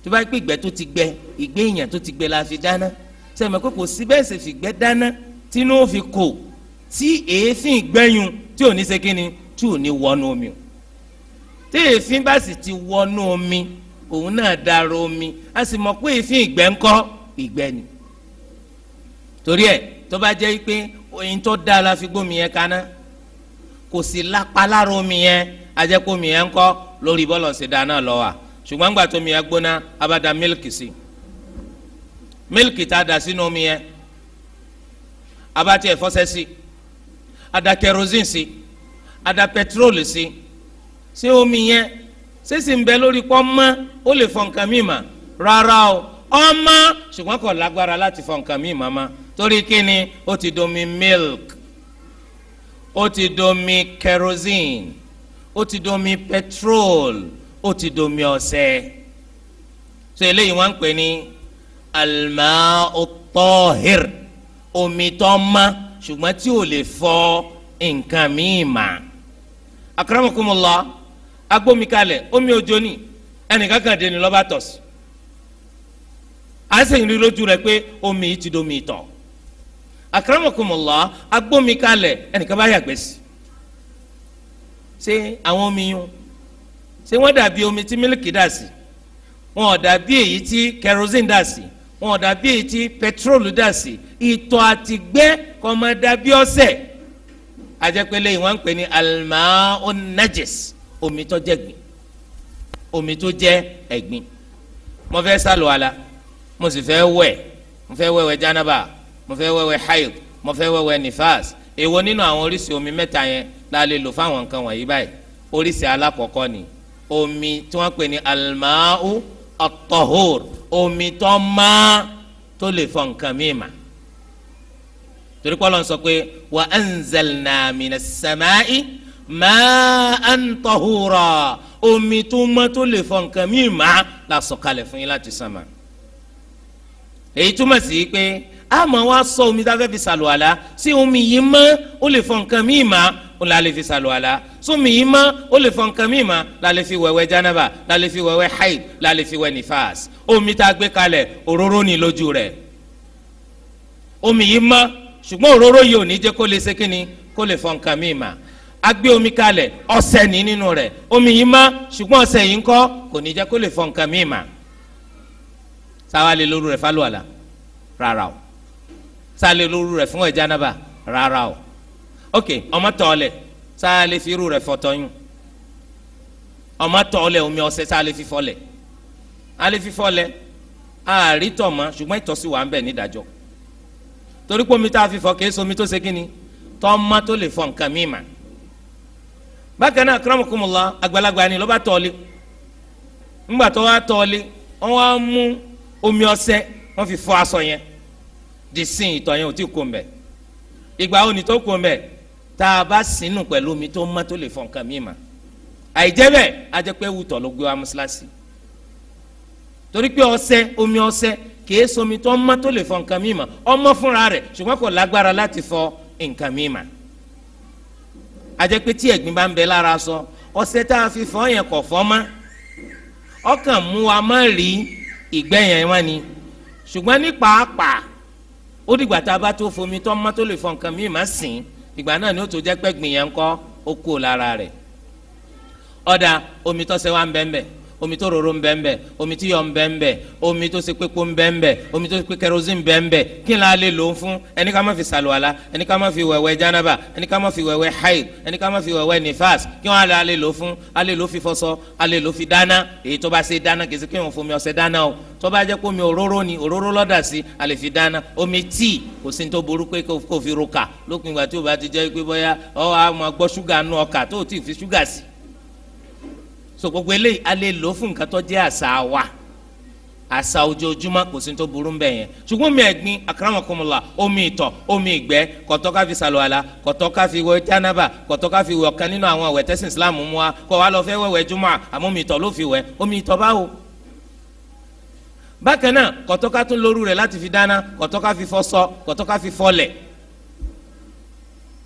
tó bá pé ìgbẹ́ tó ti gbẹ ìgbẹ́ èèyàn tó ti gbẹ la fi dáná sẹ́mi pé kò sí bẹ́ẹ̀ ṣe fìgbẹ́ dáná tínú ó fi kò tí èéfín ìgbẹ́yùn tí ò ní ṣe kí ni tí ò ní wọnú omi o tí èéfín bá sì ti wọnú omi òun náà dara omi a sì mọ̀ pé èéfín ìgbẹ́ ni torí ẹ̀ tó bá jẹ́ pé oyin tó dáa la fi gbómi yẹn kaná kò sí lápá lára omi yẹn ajẹ́kómi yẹn ńkọ́ lórí bọ́ọ̀lù ṣe náà lọ́wọ́ ṣùgbọ́n mi yẹn gbóná abada mílìkì sí mílìkì tá a dà sínú omi yẹn a Si ada pẹtrol sí ṣé omi yẹn ṣèṣì ń bẹ lórí pọ́ mọ́ ó lè fọ nǹkan míì mà rárá o ọmọ ṣùgbọ́n kò lágbára láti fọ nǹkan míì màmá torí kíni ó ti domi milk ó ti domi kerosene ó ti domi petrol ó ti domi ọṣẹ so eléyìí wọ́n ń pè ní alma'u tahir omi tó mọ́ ṣùgbọ́n tí ò lè fọ nǹkan míì akramakumullah agbomi kalẹ̀ omi ojo ni ẹnìkan kan deni lọ́ba tọ̀sí àṣeyìn rírojú rẹ pé omi yìí ti domi tọ̀ akramakumullah agbomi kalẹ̀ ẹnìkan bá yàgbẹ́ sí ṣé àwọn omi yún ṣé wọ́n dàbí omi tí mílíkì dà sí wọn dàbí èyí tí kerosene dà sí wọn dàbí èyí tí pẹtrólù dà sí ìtọ̀ àti gbẹ́ kò má ajẹpẹlẹ yìí wọn ń pè ní alma'un najis omi tó jẹ gbin omi tó jẹ ẹ̀gbin mo fẹ́ ṣàlùwàlá mo sì fẹ́ wẹ̀ mo fẹ́ wẹ̀wẹ̀ janaba mo fẹ́ wẹ̀wẹ̀ haid mo fẹ́ wẹ̀wẹ̀ nifas èwo nínú àwọn oríṣi omi mẹ́ta yẹn la lè lò fáwọn nǹkan wọ̀nyí báyìí oríṣi alákọ̀ọ́kọ́ ni omi tí wọ́n pè ní alma'u at omi tó máa tó lè fọ nǹkan míì torí pé ọlọ́run sọ pé wa anzalna minas samai ma'an tahura omi tó mọ́ tó lè fọ nǹkan míì má la sọ̀kalẹ̀ fún yín láti sánmà èyí túmọ̀ sí pé àmọ́ wa sọ omi tá a fẹ́ fi ṣàlùwàlá sí omi yìí mọ́ ó lè fọ nǹkan míì má ó la lè fi ṣàlùwàlá sómi yìí mọ́ ó lè fọ nǹkan míì má la lè fi wẹ̀wẹ̀ jánábà la lè fi wẹ̀wẹ̀ haid la lè fi wẹ̀ nífàs omi tá a gbé kalẹ̀ òróró ni lójú rẹ̀ omi yìí mọ́ ṣùgbọ́n òróró yìí ò ní jẹ́ kó lè ṣe kínni kó lè fọ nǹkan míì mà á gbé omi kalẹ̀ ọṣẹ ní nínú rẹ̀ omi yìí má ṣùgbọ́n ọṣẹ yìí ńkọ́ kò ní jẹ́ kó lè fọ nǹkan míì mà sáwa lè lóru rẹ̀ fálùwàlà rárá o sáà lè lóru rẹ̀ fún ẹ̀já nábà rárá o ok ọmọ tọ́ọ̀lẹ̀ sáà lè fi irú rẹ̀ fọtọ́yún ọmọ tọ́ọ̀lẹ̀ omi ọṣẹ sáà lè fi fọlẹ̀ alẹ́ fi fọlẹ̀ àárítọ̀ mọ́ ṣùgbọ́n ìtọ́sí wà ń bẹ nídàájọ́ torí pé omi tá a fi fọ kìí somi tó ṣe kí ni tó lè fọ nǹkan ni ló tọ́lé ńgbà tó wá tọ́lé wọ́n wá mú omi ọṣẹ wọ́n fi fọ aṣọ di sin ìtọ̀ yẹn ò tí kò mbẹ̀ ìgbà wo tó kò omi tó mọ́ tó lè fọ nǹkan míì àìjẹ́ bẹ́ẹ̀ a jẹ́ pé ló gbé wa omi kìí somi tó ọmọ tó lè fọ nǹkan mi ọmọ fúnra rẹ̀ ṣùgbọ́n kò lágbára láti fọ nǹkan mi mà àjẹ́ pé tí ẹ̀gbin bá ń bẹ lára sọ ọṣẹ tá a fi fọ yẹn kò fọ mọ́ ọkàn mú wa má rí ìgbẹ́ yẹn wá ni ṣùgbọ́n ní pàápàá ó dìgbà tá a bá tó fomi tó ọmọ tó lè fọ nǹkan mi sìn ìgbà náà ni ó tó jẹ́ pé gbìyànjú kọ́ ó kú lára rẹ̀ ọ̀dà omi tọ́sẹ̀ wa ń omi tó roro ń bẹ ń bẹ omi tí yọ ń bẹ ń bẹ omi tó ṣe pépo ń bẹ ń bẹ omi tó ṣe pé kerosene ń bẹ ń bẹ kí la lè lò ó fún ẹni ká má fi sàlùwàlà ẹni ká má fi wẹ̀wẹ̀ jánaba ẹni ká má fi wẹ̀wẹ̀ haid ẹni ká má fi wẹ̀wẹ̀ nifas kí wọn la lè lò ó fún a lò ó fi fọṣọ a lò ó fi dáná èyí tó bá ṣe dáná kì í kí wọn fún mi ọṣẹ dáná o tó bá jẹ́ pé omi òróró ni òróró lọ́dà sí a lè fi dáná omi tíì kò sí tó burú pé kò fi ro kà ìgbà tí o bá ti jẹ́ pé bóyá ọ àwọn agbọ́ ṣúgà nù ọkà tó o ti fi ṣúgà sí so gbogbo eléyìí a lè lò fún nǹkan tó jẹ́ àṣà wa àṣà ojoojúmọ́ kò sí tó burú bẹ́ẹ̀ yẹn ṣùgbọ́n mi ẹ̀gbin akaramakomola omi ìtọ̀ omi ìgbẹ́ kọ̀tọ́ ká fi sàlùwàlà kọ̀tọ́ ká fi wẹ̀ jánábà kọ̀tọ́ ká fi wẹ̀ ọ̀kan nínú àwọn ọ̀wẹ̀ tẹ́sán islam mu wa kọ́ wa lọ fẹ́ wẹ̀wẹ̀ júmọ́ àmọ́ omi ìtọ̀ ló fi wẹ̀ omi ìtọ̀ báwo. bákan náà kọ̀tọ́ ká tún lóru rẹ̀ láti fi dáná kọ̀tọ́ ká fi fọṣọ kọ̀tọ́ ká fi fọlẹ̀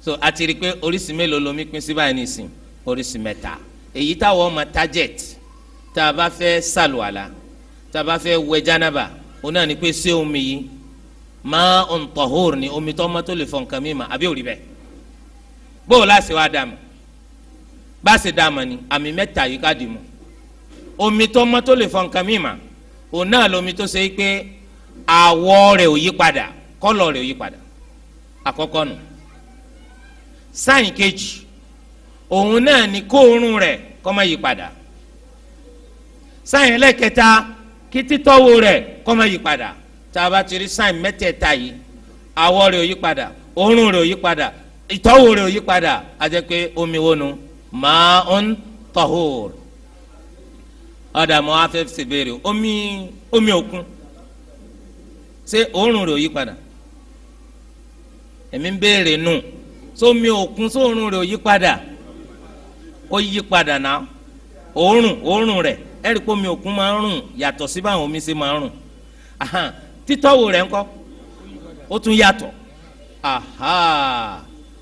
so àti rí pé oríṣi mélòó lomi pín sí báyìí nísìn oríṣi mẹ́ta èyí táwọn ọmọ target tá a bá fẹ́ sàlùwàlà tá a bá fẹ́ wẹ jánaba ó náà ní pé ṣé omi yìí máa ń tọ̀hóòr ni omi tó mọ́ tó lè fọ nǹkan mi mà àbí òrí bẹ́ẹ̀ bóòlù àṣẹ wa dà mọ́ bá a ṣe dà mọ́ ni àmì mẹ́ta yìí ká dì mọ́ omi tó mọ́ tó lè fọ nǹkan mi mà náà lomi tó ṣe pé àwọ̀ rẹ̀ ò yí padà kọ́lọ̀ rẹ̀ ò yí padà àkọ́kọ́ nù sáyìn kejì òun náà ni kóòrùn rẹ kó má padà sáyìn ẹlẹ́kẹta kí títọ́wò rẹ̀ kó má padà tá a bá ti rí sáyìn mẹ́tẹ̀ẹ̀ta yìí àwọ̀ rẹ̀ ò yí padà òórùn ò yí a pé omi wo ma ma'un tahur ọ̀dà afẹ́fẹ́ omi omi òkun ṣé òórùn rẹ̀ ò yí padà èmi ń nù sómi òkun ò yí padà. ó yi padà náà òórùn òórùn rẹ̀ ẹ̀rí pé omi òkun máa ń rùn yàtọ̀ sí báwọn omi ṣe máa ń rùn títọ́wò rẹ̀ ńkọ́ ó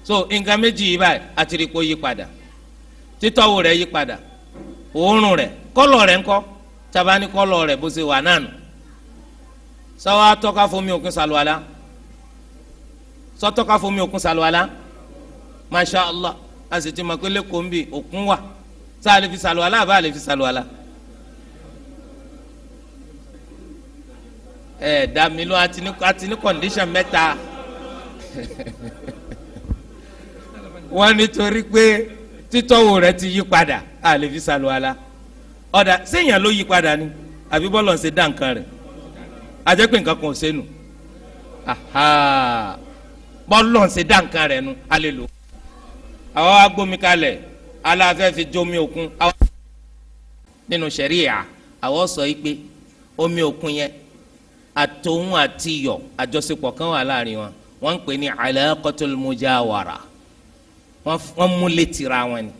so nǹkan méjì yìí báyìí àti yi yí padà títọ́wò rẹ̀ yí padà òórùn rẹ̀ kọ́lọ̀ rẹ̀ ńkọ́ tabani kọ́lọ̀ rẹ̀ bó ṣe wà sọ́wọ́ mi òkun sọ́tọ́ka allah a sì ti mọ̀ pé lẹ́kọ̀ọ́ ń bì òkun wà tá a lè fi sàlùwàlà àbá a lè fi sàlùwàlà. ẹ dá mi lọ àti ní àti ní kọ̀ǹdíṣàn mẹ́ta wọ́n nítorí pé títọ́wò rẹ ti yí padà a lè fi sàlùwàlà ọ̀dà séèyàn ló yí padà ni àbí bọ́lọ̀ ń ṣe dá nǹkan rẹ̀ àjẹpẹ́ nǹkan kan ò sẹ́nu bọ́lọ̀ ń ṣe dá nǹkan rẹ̀ nu a lè lò ó àwọn agbómi kalẹ̀ aláfẹ́ fi jómi òkun nínú sẹ̀ríyà àwọn sọ yìí pé omi òkun yẹn àtòun àti iyọ̀ àjọṣepọ̀ kan wà láàrin wọn wọ́n ń pè ní alaqatul mujawara wọ́n múlétira wọn ni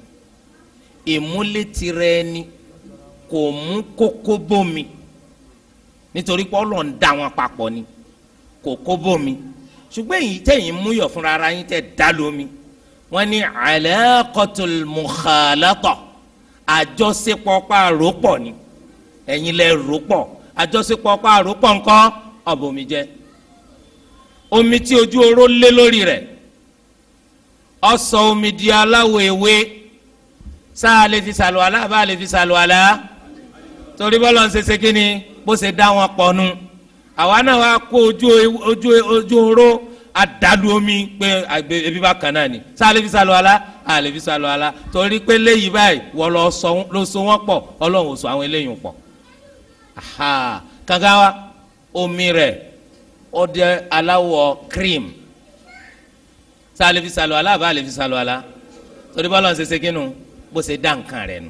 ìmúlétira ẹni kò mú kókó bómi nítorí pé Ọlọ́run dá wọn papọ̀ ni kò kó bómi ṣùgbọ́n èyí tẹ̀yìn múyọ̀ fúnra ara yín tẹ̀ dá lómi wọ́n ní alaqatul mukhalata àjọṣepọ̀ pàrópọ̀ ni ẹ̀yin lẹ ròpọ̀ àjọṣepọ̀ pàrópọ̀ nǹkan ọ̀bọ̀mí jẹ́ omi tí ojú oró lé lórí rẹ̀ ọsọ omi di aláwọ̀ ewé sáà lè fi sàlùwàlá àbá lè fi sàlùwàlá torí bọ́lá ń ṣe kí ni bó ṣe dá wọn pọ̀ nu àwa náà wá kó ojú oró adadu omi pé ebi bá kàn náà ni sálẹ́bí sálọ ala àlẹ́bí sálọ ala torí pé léyìí báyìí wọ́n lọ sọ ló so wọ́n pọ̀ ọlọ́run ò so àwọn eléyìí pọ̀ kankan wa omi rẹ̀ ọdẹ aláwọ̀ cream sálẹ́bí sálọ ala àbá àlẹ́bí sálọ ala torí bá lọ́n ṣe ṣe kínú bó ṣe dá nǹkan rẹ̀ nù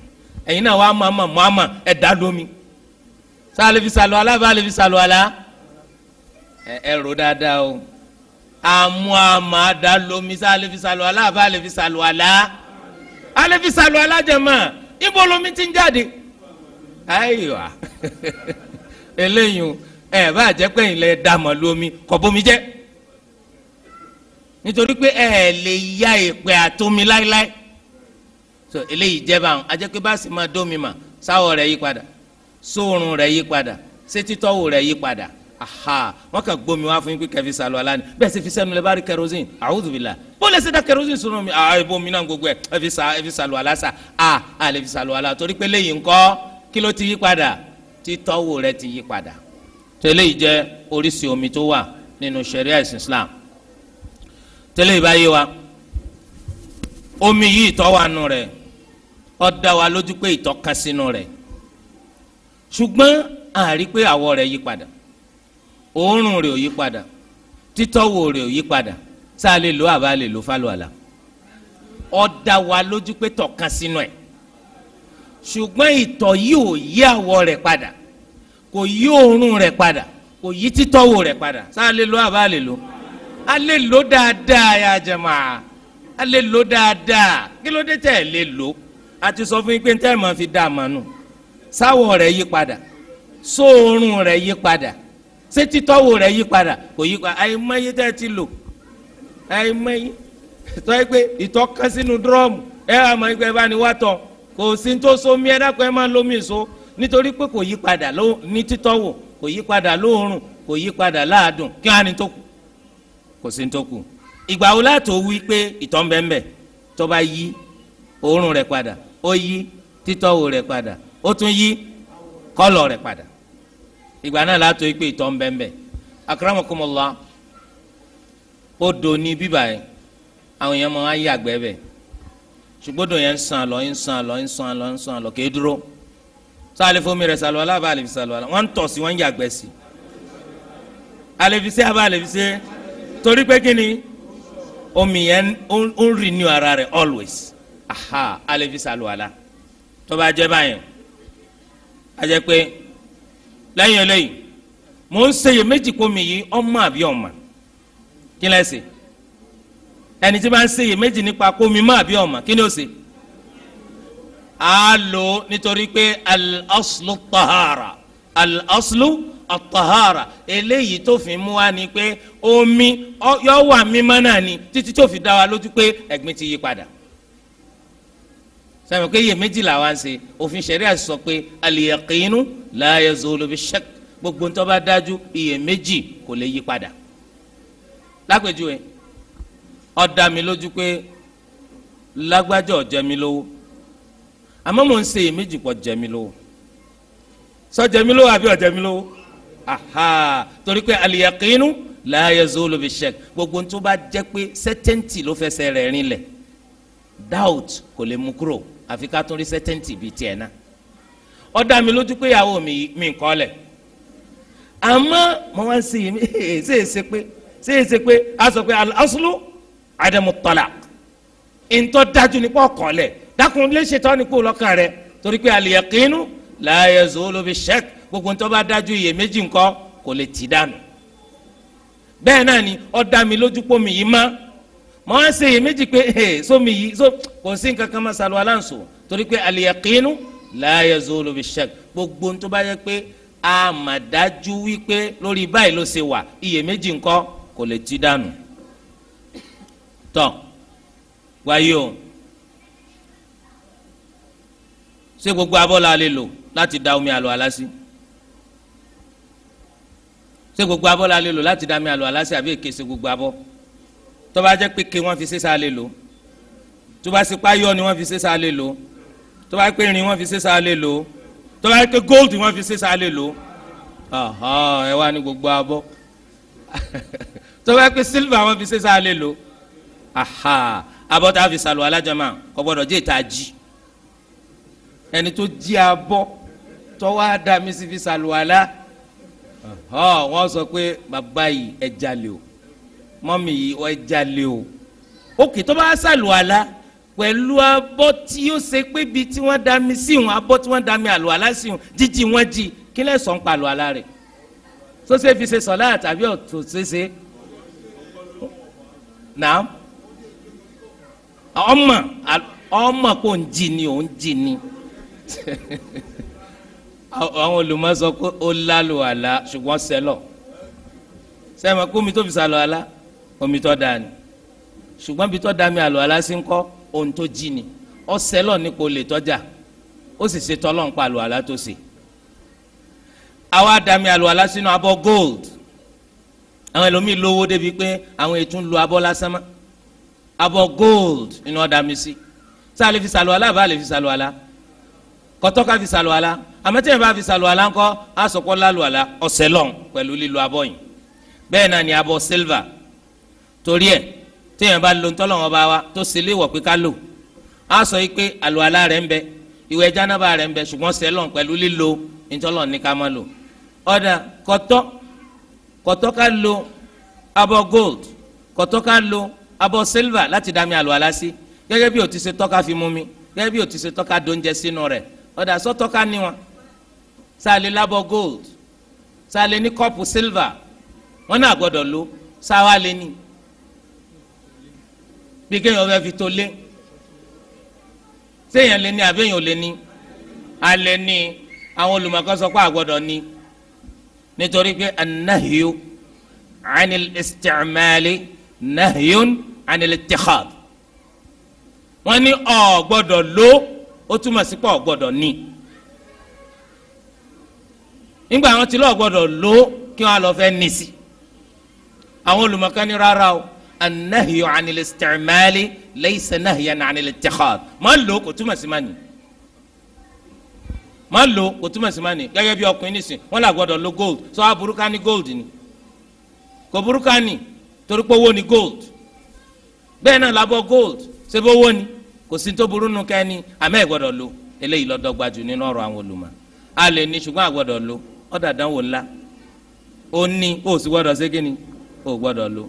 ẹ̀yin náà wàá mọ̀ mọ̀ mọ̀ mọ̀ ẹ̀ sálọ ala àbá àlẹ́bí sálọ ala ẹ̀ ẹ̀ rò dáadáa o àmú àmà àdá lomi sá alẹ́ fi sàlù àlá àbá alẹ́ fi sàlù àlá alẹ́ fi sàlù àlá jẹ̀mọ́ ibo lomi ti ń jáde. ayiwa eléyìí ẹ bá jẹ́ pé ilẹ̀ dàmọ́ lomi kò bómi jẹ́ nítorí pé ẹ lè ya ìpè àtomi láéláé so eléyìí jẹ́ báwọn ajẹ́ pé bá sì máa dómi mà sáwọ̀ rẹ̀ yí padà sóòrùn rẹ̀ yí padà sétítọ́wò rẹ̀ yí padà aha wọn kà gbomi wá fún yín pé kẹfì sálọ alá ni bẹ́ẹ̀ sì fi sẹ́nu lẹ bá rí kerosene a'udhu billah bó lẹsẹ da kerosene sọnù mi ah ibo mi náà gbogbo ẹ ẹfi sa ẹfi sálọ alá sa a ah, a lè fi sálọ alá torí pé lẹ́yìn ńkọ́ kí ló ti yí padà títọ́wò rẹ ti yí padà tẹ́lẹ̀ yìí jẹ́ oríṣi omi tó wà nínú sharia ẹ̀sìn islam tẹ́lẹ̀ yìí bá yé wa omi yìí ìtọ̀ wà nù rẹ̀ ó dá wa lójú pé ìtọ̀ sínú rẹ̀ ṣùgbọ́n a rí pé àwọ̀ rẹ̀ yí padà òórùn rẹ̀ ò yí padà títọ́wò rẹ̀ ò yí padà tá a lè lo àbá lè lo fálùwàlà ó dá wa lójú pé tọ̀ kan sínú ẹ̀ ṣùgbọ́n ìtọ̀ yìí ò yí àwọ̀ rẹ̀ padà kò yí òórùn rẹ̀ padà kò yí títọ́wò rẹ̀ padà tá a lè lo àbá lè lo a lè lo dáadáa ya jẹ̀mọ́ a lè lo dáadáa kí ló dé tẹ̀ lè lo a ti sọ fún yín pé ntẹ́ mọ̀ fi dá a mọ̀ nù sáwọ̀ rẹ̀ yí padà sóòórùn rẹ̀ yí padà ṣé títọ́wò rẹ̀ yí padà kò yí padà àìmọye tẹ́ ẹ ti lò àìmọye tọ́ ẹ pé ìtọ́kán sínú dúrọ́ọ̀mù ẹ àmọ́ ẹgbẹ́ bá ní wá tán kò sí tó sómi ẹ dákun ẹ máa lómi so nítorí pé kò yí padà ní títọ́wò kò yí padà lóòrùn kò yí padà láàdùn kí wọ́n á ní tó kù kò sí tó kù ìgbà wo láti wí pé ìtọ́ ń bẹ́ẹ̀ tó bá yí òórùn rẹ̀ padà ó yí títọ́wò rẹ̀ padà ó tún yí kọ́lọ̀ rẹ̀ padà ìgbà náà látọ̀ ìpè ìtọ̀ ń bẹ́ẹ̀ bẹ́ẹ̀ akramakumullah ó do ní bíbà yẹn àwọn èèyàn máa yí àgbẹ̀ bẹ̀ ṣùgbọ́n dò yẹn ń sàn lọ ń sàn lọ ń sàn lọ ń sàn lọ kéé dúró sọ àlefomi rẹ̀ sàlùwà lábà àlefi sàlùwà lá ń tọ̀ sí wọ́n ń yàgbẹ́ sí àlefisẹ́ àbá àlefisẹ́ torí pé kíni omi yẹn ń renew ara rẹ̀ always aha àlefi sàlùwà lá tó bá jẹ́ báyìí a jẹ́ pé lẹ́yìn eléyìí mò ń ṣeyè méjì kó mi yìí ọmọ àbí ọmọ kí lẹ́ ṣe ẹni tí bá ń ṣeyè méjì nípa kó mi má àbí ọmọ kí ni ó ṣe á lò nítorí pé al-aslu tahara al-aslu at-tahara eléyìí tó fi mú wa ni pé omi yọ wà mímọ́ náà ni títí tó fi dá wa lójú pé ẹ̀gbin ti yí padà sẹ́mi pé iyèméjì làwa ń ṣe òfin ṣẹ̀ríà sọ pé al la yazulu bishak gbogbo ntọ́ bá dájú iyèméjì kò lè yí padà lápèjúwe ó dá mi lójú pé lágbájá ó jẹ mí lówó àmọ́ mò ń ṣe iyèméjì pọ̀ jẹ mí lówó sọ jẹ mí lówó àbí ó jẹ mí lówó aha torí pé aliyakinu la yazulu bishak gbogbo ntọ́ bá jẹ́ pé sẹ́tẹ́ǹtì ló fẹsẹ̀ rẹ̀ rinlẹ̀ doubt kò lè mú kúrò àfi ká tún rí sẹ́tẹ́ǹtì bíi tiẹ̀ náà ó dá mi lójú pé ìyàwó mi mi ń kọ́lẹ̀ àmọ́ mo máa ń ṣe yìí ṣe é ṣe pé ṣe é ṣe pé a sọ pé al-aslu adamu talaq ntọ́ dájú nípa ọ̀kọ́lẹ̀ dákun lè ṣètọ́ nípò lọ́kàn rẹ torí pé al-yaqinu la yazulu bi-shakk gbogbo ntọ́ bá dájú iyèméjì ńkọ́ kò lè tì dànù bẹ́ẹ̀ náà ni ó dá mi lójú pé mi yìí má mo máa ń ṣe iyèméjì pé sómi yìí kò sí nǹkan kan máa ṣàlùwà láǹṣó torí pé al-yaqinu la yazulu bishak gbogbo tó bá yẹ pé a mà dájú wípé lórí báyìí ló ṣe wà iyèméjì ńkọ́ kò lè ti dànù tọ wáyé o ṣé gbogbo abọ́lá lè lò láti da omi àlọ́ àlásí ṣé gbogbo abọ́ lè lò láti dá mi àlọ́ aláṣẹ àbí èké ṣe gbogbo abọ́ tó bá jẹ́ pé ké wọ́n fi ṣe sáà lè lò tó bá sì páyọ́ ni wọ́n fi ṣe sáà lè lò tó bá pé irin wọ́n fi ṣe sálẹ̀ lò ó tó bá pé gold wọ́n fi ṣe sálẹ̀ lò ó ẹ wá ní gbogbo abọ́ tó bá pé silver wọ́n fi ṣe sálẹ̀ lò ó abọ́ tá a fi sàlù alájọmọ́ kò gbọ́dọ̀ jẹ́ ìta jí ẹni tó jí abọ́ tó wá dá mi sí fi sàlù alá wọ́n sọ pé bàbá yìí ẹ jalè o mọ́mì yìí ẹ jalè o òkè tó bá sàlù alá pẹ̀lú abọ́ tí ó ṣe pé bíi tí wọ́n dá mi sí wọn abọ́ tí wọ́n dá mi àlùwàlá sí wọn jíjí wọn jí kí lẹ́ sọ̀ ń pa àlùwàlá rẹ̀ sọ́sẹ́ fi ṣe sọ̀lá àtàbí ọ̀tún ṣeṣe náà ọmọ ọmọ kò ń jí ni ò ń jí ni àwọn olùmọ̀ sọ pé ó lálùwàlá ṣùgbọ́n sẹ́lọ̀ sẹ́mi kó omi tó fi sàlùwàlá omi tó dáa ni ṣùgbọ́n bí tó dáa mi àlùwàlá sí ń kọ́ ohun tó jí ni ọsẹ lọ nípa olè tọjà ó sì ṣe tọlọ nípa àlùwàlá tó ṣe àwa dami àlùwàlá sínú abọ́ gold àwọn ẹlòmíì lówó débi pé àwọn ètò ń lo lásán mọ́ abọ́ gold inú ọdà mi sí sá lè fi sàlùwàlá àbá lè fi sàlùwàlá kọtọ́ka fi sàlùwàlá àmọ́tẹ́yìn bá fi sàlùwàlá ńkọ́ àsọ̀kọ́ lálùwàlá ọ̀sẹ̀ lọ́n pẹ̀lú lílo abọ́ yìí bẹ́ẹ̀ náà ni abọ́ silver torí ẹ̀ téèyàn bá lo ntọ́lọ́ wọn bá wa tó ṣe léwọ̀ pé ká lò á sọ yìí pé àlùwàlá rẹ̀ ń bẹ ìwẹ̀ jánábà rẹ̀ ń bẹ ṣùgbọ́n sẹ́lọ̀n pẹ̀lú lílo ntọ́lọ́ ní ká má lò ọ̀dà kọ̀tọ́ kọ̀tọ́ ká lo abọ́ gold kọ̀tọ́ ká lo abọ́ silver láti dá mi àlùwàlá sí gẹ́gẹ́ bí o ti ṣe tọ́ka fi mú mi gẹ́gẹ́ bí o ti ṣe tọ́ka dóúnjẹ sínú rẹ̀ ọ̀dà sọ́tọ́ka ni wọn sáàlì lábọ̀ gold sáàlì ní kọ́ọ̀pù silver wọn náà gbọ́dọ̀ lo sáwálé ni bí kéèyàn fẹ́ fi tó lé séèyàn lé ní àbẹ́yàn ò lé ní alẹ́ ní àwọn olùmọ̀kọ́ sọ pé àgbọ̀dọ̀ ní nítorí pé anahiyo anil isticmaali nahiyun anil ittikhad wọ́n ní ọ̀ ló ó túmọ̀ sí pé ọ̀ gbọ́dọ̀ nígbà wọn ti lọ́ọ̀ gbọ́dọ̀ ló kí wọ́n lọ fẹ́ ní àwọn olùmọ̀kọ́ ní rárá o anahiyo anile sitamali leisa nahiya anile tixad má lò kò túmọ̀ sí má nì má lò kò túmọ̀ sí má nì gẹ́gẹ́ bí ọkùnrin nìsín wọ́n là gbọ́dọ̀ lo gold sọ wá burúkú ni gold ni kò burúkú ni torí pé owó ni gold bẹ́ẹ̀ náà labọ́ gold ṣe bó ni kò sí tó burú nu kẹ́ni lo eléyìí lọ́dọ̀ gbajú nínú ọ̀rọ̀ àwọn olùmọ̀ a lè ní ṣùgbọ́n lo ọ̀dà dánwò ńlá ó ní ó sì gbọ́dọ̀ ni ó gbọ́dọ̀ lo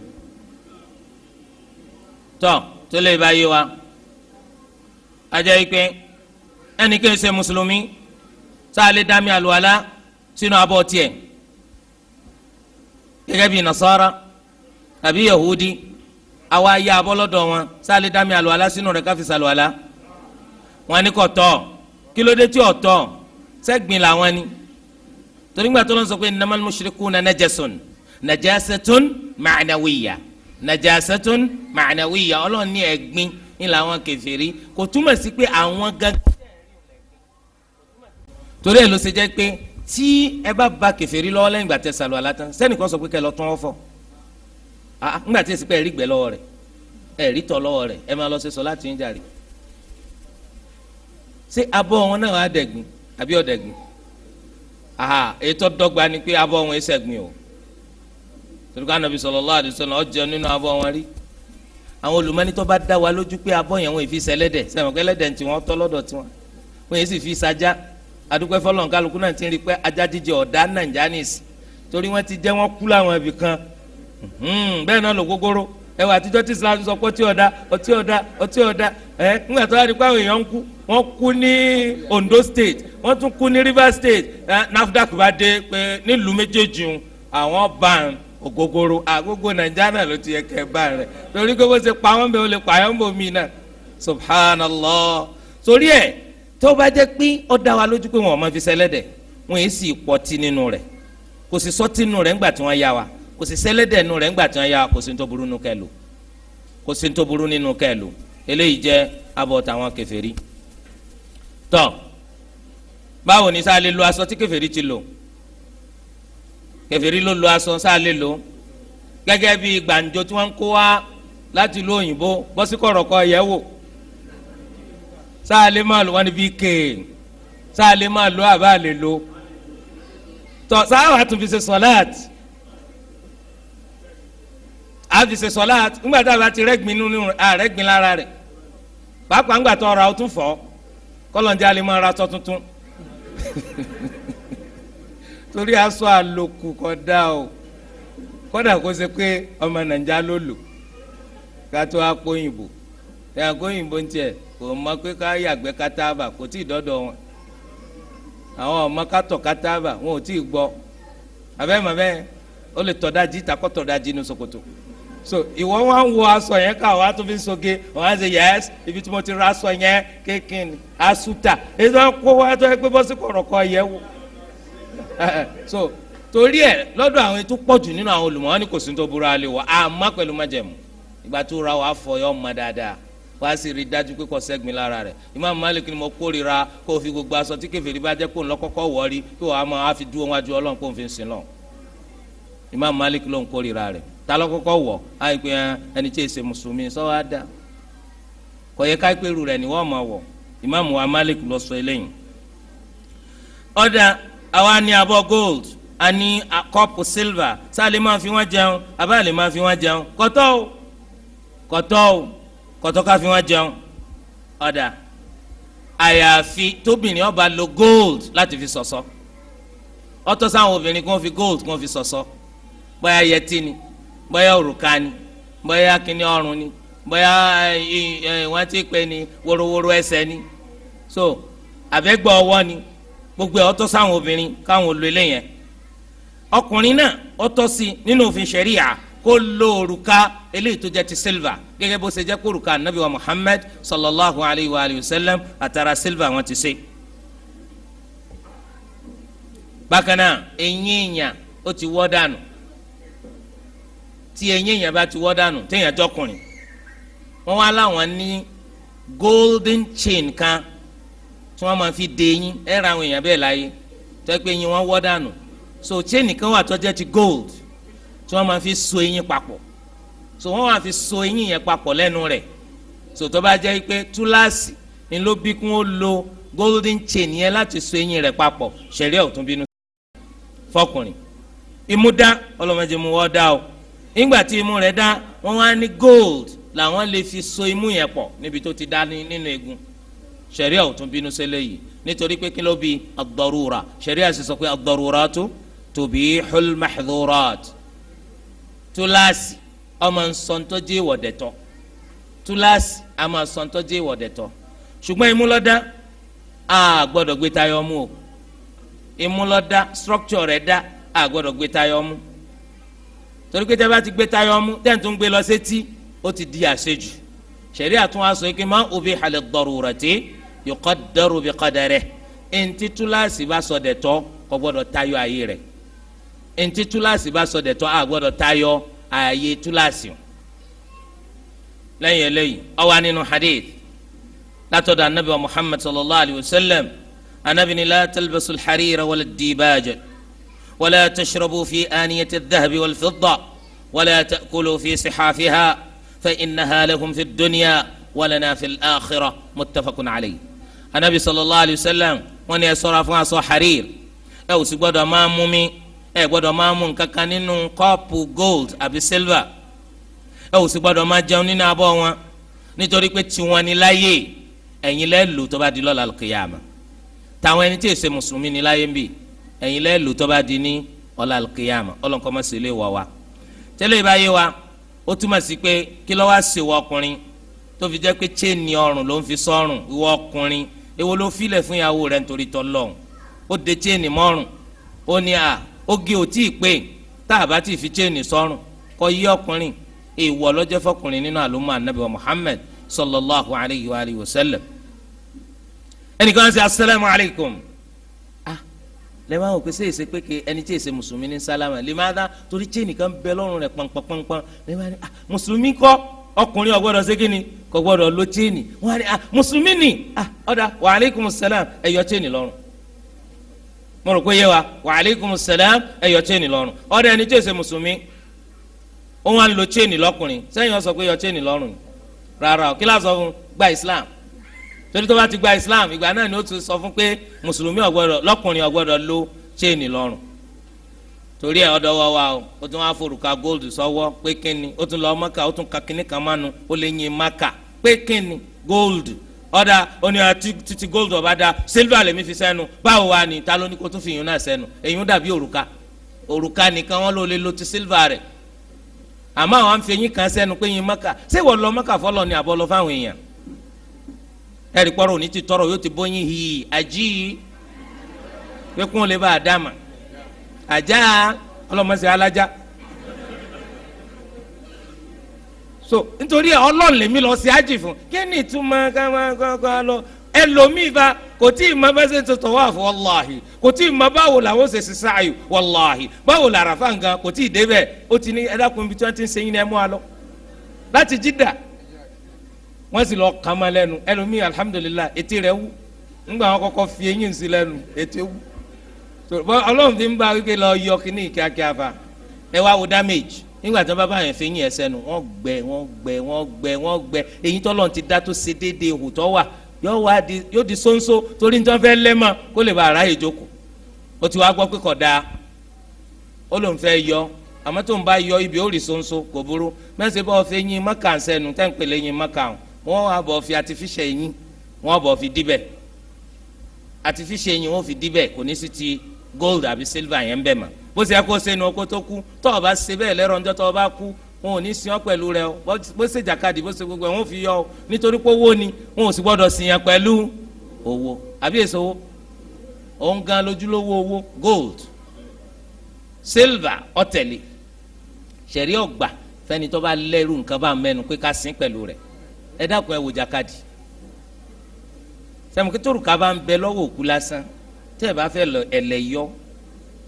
tọ́ tó lè bá yé wa ajá yìí pé ẹnì kí n ṣe mùsùlùmí tá a lè dá mi àlùwàlá sínú abọ́ tiẹ̀ gẹ́gẹ́ bí nasara tàbí yahudi àwa ayé abọ́ lọ́dọ̀ wọn tá a lè dá mi àlùwàlá sínú rẹ̀ káfí sàlùwàlá wọn ni kò tọ́ kí tí ò tọ́ sẹ́gbìn làwọn ni torí gbàtọ́ ló sọ pé innamal mushrikuna najasun najasatun ma'nawiyya najasatun ma'nawiyya ọlọ́run ní ẹ̀gbin ní làwọn kèfèrí kò túmọ̀ sí pé àwọn gan. torí ẹ̀ ló ṣe jẹ́ pé tí ẹ bá ba kèfèrí lọ́wọ́ lẹ́yìn ìgbà tẹ sàlù àlátán sẹ́nìkan sọ pé kẹ́ lọ tán ọ́ fọ́ ńgbà tí èsì pé ẹ̀rí gbẹ lọ́wọ́ rẹ̀ ẹ̀rí tọ̀ lọ́wọ́ rẹ̀ ẹ máa lọ ṣe sọ láti ń jàre. ṣé abọ́ wọn náà á dẹ̀gbin àbí ọ̀dẹ̀gbin? ètò dọ́gba ni pé abọ́ wọn ẹsẹ̀ gbin o torí ká nàbí sallallahu alaihi wasallam ó jẹun nínú abọ́ wọn rí àwọn olùmọ́ni tó bá dá wa lójú pé abọ́ yẹn wọ́n fi sẹlẹ́dẹ̀ sẹ́wọ̀n kẹ́lẹ́dẹ̀ tí wọ́n tọ́ lọ́dọ̀ tiwọn wọ́n yẹn sì fi sajá adúpẹ́ fọlọ́n kálukú náà ti rí pé ajá jíjẹ ọ̀dá nàìjánìs torí wọ́n ti jẹ́ wọ́n kú láwọn ibì kan hmm, bẹ́ẹ̀ náà lò gógóró ẹwà àtijọ́ tí Islam sọ pé ọtí ọ̀dá ọtí ọ̀dá ọtí ọ̀dá ẹ nígbà tó wá pé àwọn èèyàn kú ní Ondo State wọ́n tún kú ní Rivers State NAFDAC bá dé pé nílùú méjèèjì àwọn ban ògógóró àgógó nàìjíríà náà ló ti yẹ kẹ bá rẹ torí pé bó ṣe pa wọn bẹ ó lè pa yọn bò mí náà subhanallah torí ẹ tó bá jẹ pé ó dá wa lójú pé wọn ò máa fi sẹlẹdẹ wọn yìí sì pọtí nínú rẹ kò sì sọtí nínú rẹ ńgbà tí wọn yá wa kò sì sẹlẹdẹ nínú rẹ ńgbà tí wọn yá wa kò sì ń tó burú nínú kẹlò kò sì ń tó burú nínú kẹlò eléyìí jẹ abọ tàwọn kèfèrí tọ báwo ni sáà lè lo aṣọ tí kèfèrí ti lò kèfèrí ló lo aṣọ sáà lè lò gẹ́gẹ́ bí gbàǹjo tí wọ́n ń kó wá láti ìlú òyìnbó bọ́sí kọ̀rọ̀kọ̀ yẹ̀ wò sáà lè máa lò wọ́n ní bí kéè sáà lè máa lò àbá lè lò tọ́ tún fi ṣe sọ́láàtì àfi ṣe sọ́láàtì ńgbà tá a bá ti rẹ́gbin nínú àrẹ́gbin lára rẹ̀ pàápàá ńgbà tó ọ̀rọ̀ àwọn tún fọ́ kọ́lọ́njẹ́ máa ra tọ́ tuntun. torí aṣọ àlòkù kódà o koda kó ṣe pé ọmọ nàìjíríà ló lò kátó akóyìnbó akóyìnbó ń tiẹ̀ kò mọ pé ká yàgbẹ́ ma kò tí ì dọ́dọ̀ wọn àwọn ọmọ kátọ̀ kátàbà wọn ò tí ì gbọ́ abẹ́ mọ̀ bẹ́ẹ̀ ó lè le dájí takọ́ tọ̀ dájí ní so ìwọ wa ń wo aṣọ yẹn ká wa tó fi soge wọn á ṣe yẹs ibi tí mo ti ra aṣọ yẹn asuta wa tó bọ́sí kọ̀rọ̀kọ̀ so torí ẹ lọ́dọ̀ àwọn ètò pọ̀jù nínú àwọn olùmọ̀ọ́ ní kò sí tó burú alẹ́ wọ àmọ́ pẹ̀lú májẹ̀mú ìgbà tó ra wàá fọ ọmọ dáadáa wàá sì rí dájú pé kò lára Malik ni mo kórira kó o fi gbogbo aṣọ tí kèfèrí bá jẹ́ kó o lọ́kọ́kọ́ wọ̀ rí kí wàá máa fi dúró wájú Ọlọ́run kó o fi ń sin lọ Imam Malik ló ń kórira ta wọ̀ àwa ní abọ́ gold a ní kọ́pù silver sáà lè máa fi wọ́n jẹun àbá lè máa fi wọ́n jẹun kọ́tọ́ o kọ́tọ́ o kọ́tọ́ ká fi wọ́n jẹun ọ̀dà àyàfi tóbìnrin ọba lo gold láti fi ṣọ̀ṣọ́ ọ̀tọ̀ sáwọn obìnrin kí fi gold kí wọ́n fi ṣọ̀ṣọ́ bóyá yẹtí ni bóyá òrùka ni bóyá kíní ọrùn ni bóyá wọ́n ti pè ní worowóró ẹsẹ̀ ni so àbẹ́gbẹ́ ọwọ́ ni. So, gbogbo ẹ̀ sáwọn obìnrin káwọn lo eléyẹn ọkùnrin náà ọtọ́ sí nínú òfin ṣẹ̀ríyà kó lo òrùka eléyìí tó jẹ́ ti silva gẹ́gẹ́ bó ṣe jẹ́ kó òrùka anabi wa muhammed sallallahu alayhi wa alayhi wa sallam àtàrà silva wọn ti ṣe. bákan náà eyín èèyàn ó ti wọ́ dànù tí èèyàn bá ti wọ́ dànù téèyàn jọkùnrin wá láwọn ní golden chain tí wọ́n máa fi de yín ẹ ra àwọn èèyàn bẹ́ẹ̀ láyé tó pé yín wọ́n wọ́ dànù so chain kan wà tó jẹ́ ti gold tí wọ́n máa fi so eyín papọ̀ so wọ́n máa fi so eyín yẹn papọ̀ lẹ́nu rẹ̀ so tó bá jẹ́ pé túláàsì ni ló bí kún ó lo golden chain yẹn láti so eyín rẹ̀ papọ̀ ṣẹ̀ríà ò tún bínú fọkùnrin imú dá mu wọ́n dá o nígbà tí imú rẹ̀ dá wọ́n wá ní gold làwọn lè fi so imú yẹn pọ̀ níbi tó ti dá nínú eegun. No sẹ̀ríà ò tún bínú sí eléyìí nítorí pé kí ló bi ad-darura sẹ̀ríà sì sọ pé ad-daruratu tubihul mahdhurat túláàsì ọmọ nsọ̀ntọ́jì ìwọ̀dẹ̀tọ̀ túláàsì àmọ́ nsọ̀ntọ́jì ìwọ̀dẹ̀tọ̀ ṣùgbọ́n ìmúlọ́dá a gbọ́dọ̀ gbé tayọ mú o ìmúlọ́dá structure rẹ̀ dá a gbọ́dọ̀ gbé tayọ mú torí pé tẹ́ bá ti gbé tayọ mú tẹ́ ń gbé lọ sétí ó ti di àṣejù ṣẹ̀rí àtúnwá sọ pé má ubiha lid-darurati. yuqaddaru biqadarihi eŋti túláàsì bá sọ dẹ̀tọ́ kò gbọ́dọ̀ tayọ ààyè rẹ̀ eŋti túláàsì bá sọ dẹ̀tọ́ a gbọ́dọ̀ tayọ ààyè túláàsì lẹ́yìn eléyìí ó anínú nínú hadith látọ̀dọ̀ anabi wa muhammad sallallahu alayhi wa sallam anabi ni la talbasu alharira wala dibaaja wala tashrabu fi aniyati dahabi wal fidda wala ta'kulu fi sixaafiha fa innaha lakum fi dunya walana fi al-akhirah muttafaqun alayhi. anabi sallallahu alayhi wa sallam wọ́n ní ẹ ṣọ́ra fún aṣọ harir ẹ ò sì gbọ́dọ̀ máa mú mi ẹ gbọ́dọ̀ máa mú nǹkan kan nínú kọ́ọ̀pù gold àbí silver ẹ ò sì gbọ́dọ̀ máa jẹun nínú abọ́ wọn nítorí pé tiwọn ni láyé ẹ̀yin lẹ lò tó bá di lọ́la kìyàmà táwọn ẹni tí èsè mùsùlùmí ni láyé ń bì ẹ̀yin lẹ lò tó bá di ní ọ̀la kìyàmà ọlọ́nkọ́ má ṣe lè wà wá tẹ́lẹ̀ ìbáyé wa ó túmọ̀ sí pé kí ló wá ọkùnrin tó fi jẹ́ pé chain ni ọrùn ló ń fi sọ́rùn ìwọ ọkùnrin èwo ló filẹ̀ fún ìyàwó rẹ̀ nítorí tọ́lọ́hún ó de chain mọ́rùn ó ní à oge ò tí ì pé tá a bá ti fi chain sọ́rùn kọ́ yí ọkùnrin èèwọ̀ lọ́jọ́ fọkùnrin nínú àlùmọ́ anabi muhammed sallallahu alayhi wa alayhi wa sallam ẹnìkan ṣe asalaamu alaykum ah lè máa wò pé ṣé èsè pé ke ẹni tí èsè mùsùlùmí ní sálámà lè máa dá torí chain kan bẹ lọ́rùn rẹ̀ pọnpọnpọnpọn lè máa ní ah mùsùlùmí kọ́ ọkùnrin ò gbọ́dọ̀ kí ni kò gbọdọ lo chain wọn á ah mùsùlùmí ni ah wa aleykum salam ẹ yọ lọ́rùn mo rò pé yé wa aleykum ẹ yọ lọ́rùn ẹni mùsùlùmí lo chain lọ́kùnrin sẹ́yìn ọ̀sọ̀ yọ lọ́rùn rárá o kí fún gba Islam torí tó bá ti gba Islam ìgbà náà ni ó ti sọ fún pé mùsùlùmí ò gbọ́dọ̀ lọ́kùnrin ò gbọ́dọ̀ lọ́rùn torí ẹ ọdọ wa wa o tún wá gold pé ka kínní kan mánu maka pé kíni gold ọ̀dà oní àti gold ọ̀bá da silver lèmi fi sẹ́nu báwo wà ní ta ló ní kó tún fi yún náà sẹ́nu èyún dàbí òrùka òrùka nìkan wọn ló lè lo ti silver rẹ̀ àmọ́ àwọn afẹ́yìn kan sẹ́nu pé yín maka ṣé wọ́n lọ mọ́kà fọlọ́ ni àbọ̀ lọ fáwọn èèyàn ẹ̀rí pọ́rọ̀ òní ti tọrọ yóò ti bóyin hì àjí pé kún un lè bá a dá mà àjá ọlọ́mọ sí alájá. so nítorí ọlọ́run lèmi lọ sí ájì fún kí ni ìtumọ̀ kámákámá lọ ẹlòmíì bá kò tí ì mọ bá ṣe tuntun wà fún wàláhì kò tí ì mọ báwo làwọn ṣe ṣiṣẹ́ àyù wàláhì báwo làrá fáǹgà kò tí ì débẹ̀ ó ti ní ẹ̀dákùnrin bí tí wọ́n ti ń ṣe yín ẹ̀ mú wa lọ láti jídà wọ́n sì lọ kàn máa lẹ́nu ẹlòmíì alihamudulilayi etí rẹ̀ wú wọn kọ́kọ́ fi eyín sí lẹ́nu wú ọlọ́run fi ń bá wípé lọ yọ kíní kíákíá fa ẹ wá damage nígbà tí wọ́n bá bá yẹn fi yín ẹsẹ̀ nù wọ́n gbẹ wọ́n gbẹ wọ́n gbẹ wọ́n gbẹ èyí tọ́lọ́run ti dá tó ṣe déédéé ihò tó wà yóò wá di yóò di sóńsó torí nítorí fẹ́ lẹ́ kó lè bá aráyè jókòó ó ti wá gbọ́ pé kọ̀ ó lòun fẹ́ yọ àmọ́ tó ń bá yọ ibi ó rì sóńsó kò burú mẹ́sẹ̀ bá ọ̀fẹ́ yín mọ́kà ń sẹ́nu tẹ́ ń pèlè yín mọ́kà ń wọ́n bọ̀ fi artificial yín wọ́n bọ̀ fi díbẹ̀ artificial yín wọ́n fi díbẹ̀ kò ní sí ti gold àbí silver yẹn ń bẹ̀ mọ́ bó ṣe yẹ kó ṣe nu ọkọ tó kú tó o bá ṣe bẹ́ẹ̀ lẹ́rọ̀ níjọ́ tó o bá kú wọn ò ní sin ọ pẹ̀lú rẹ o bó ṣe jàkadì bó ṣe gbogbo ẹ̀ wọ́n fi yọ ọ nítorí pé owó ni wọn ò sì gbọ́dọ̀ sin yẹn pẹ̀lú owó àbí èso owó òun gan lójúlówó owó gold silver ọ̀tẹ̀lẹ̀ ṣẹ̀rí ọ̀gbà fẹ́ni tó bá lẹ́rù nǹkan bá mẹ́nu pé ká sin pẹ̀lú rẹ̀ ẹ dákun ẹ wò jàkadì sẹ́mi kí tórùka bá ń bẹ lọ́wọ́ òkú lásán tẹ́ ẹ bá fẹ́ lọ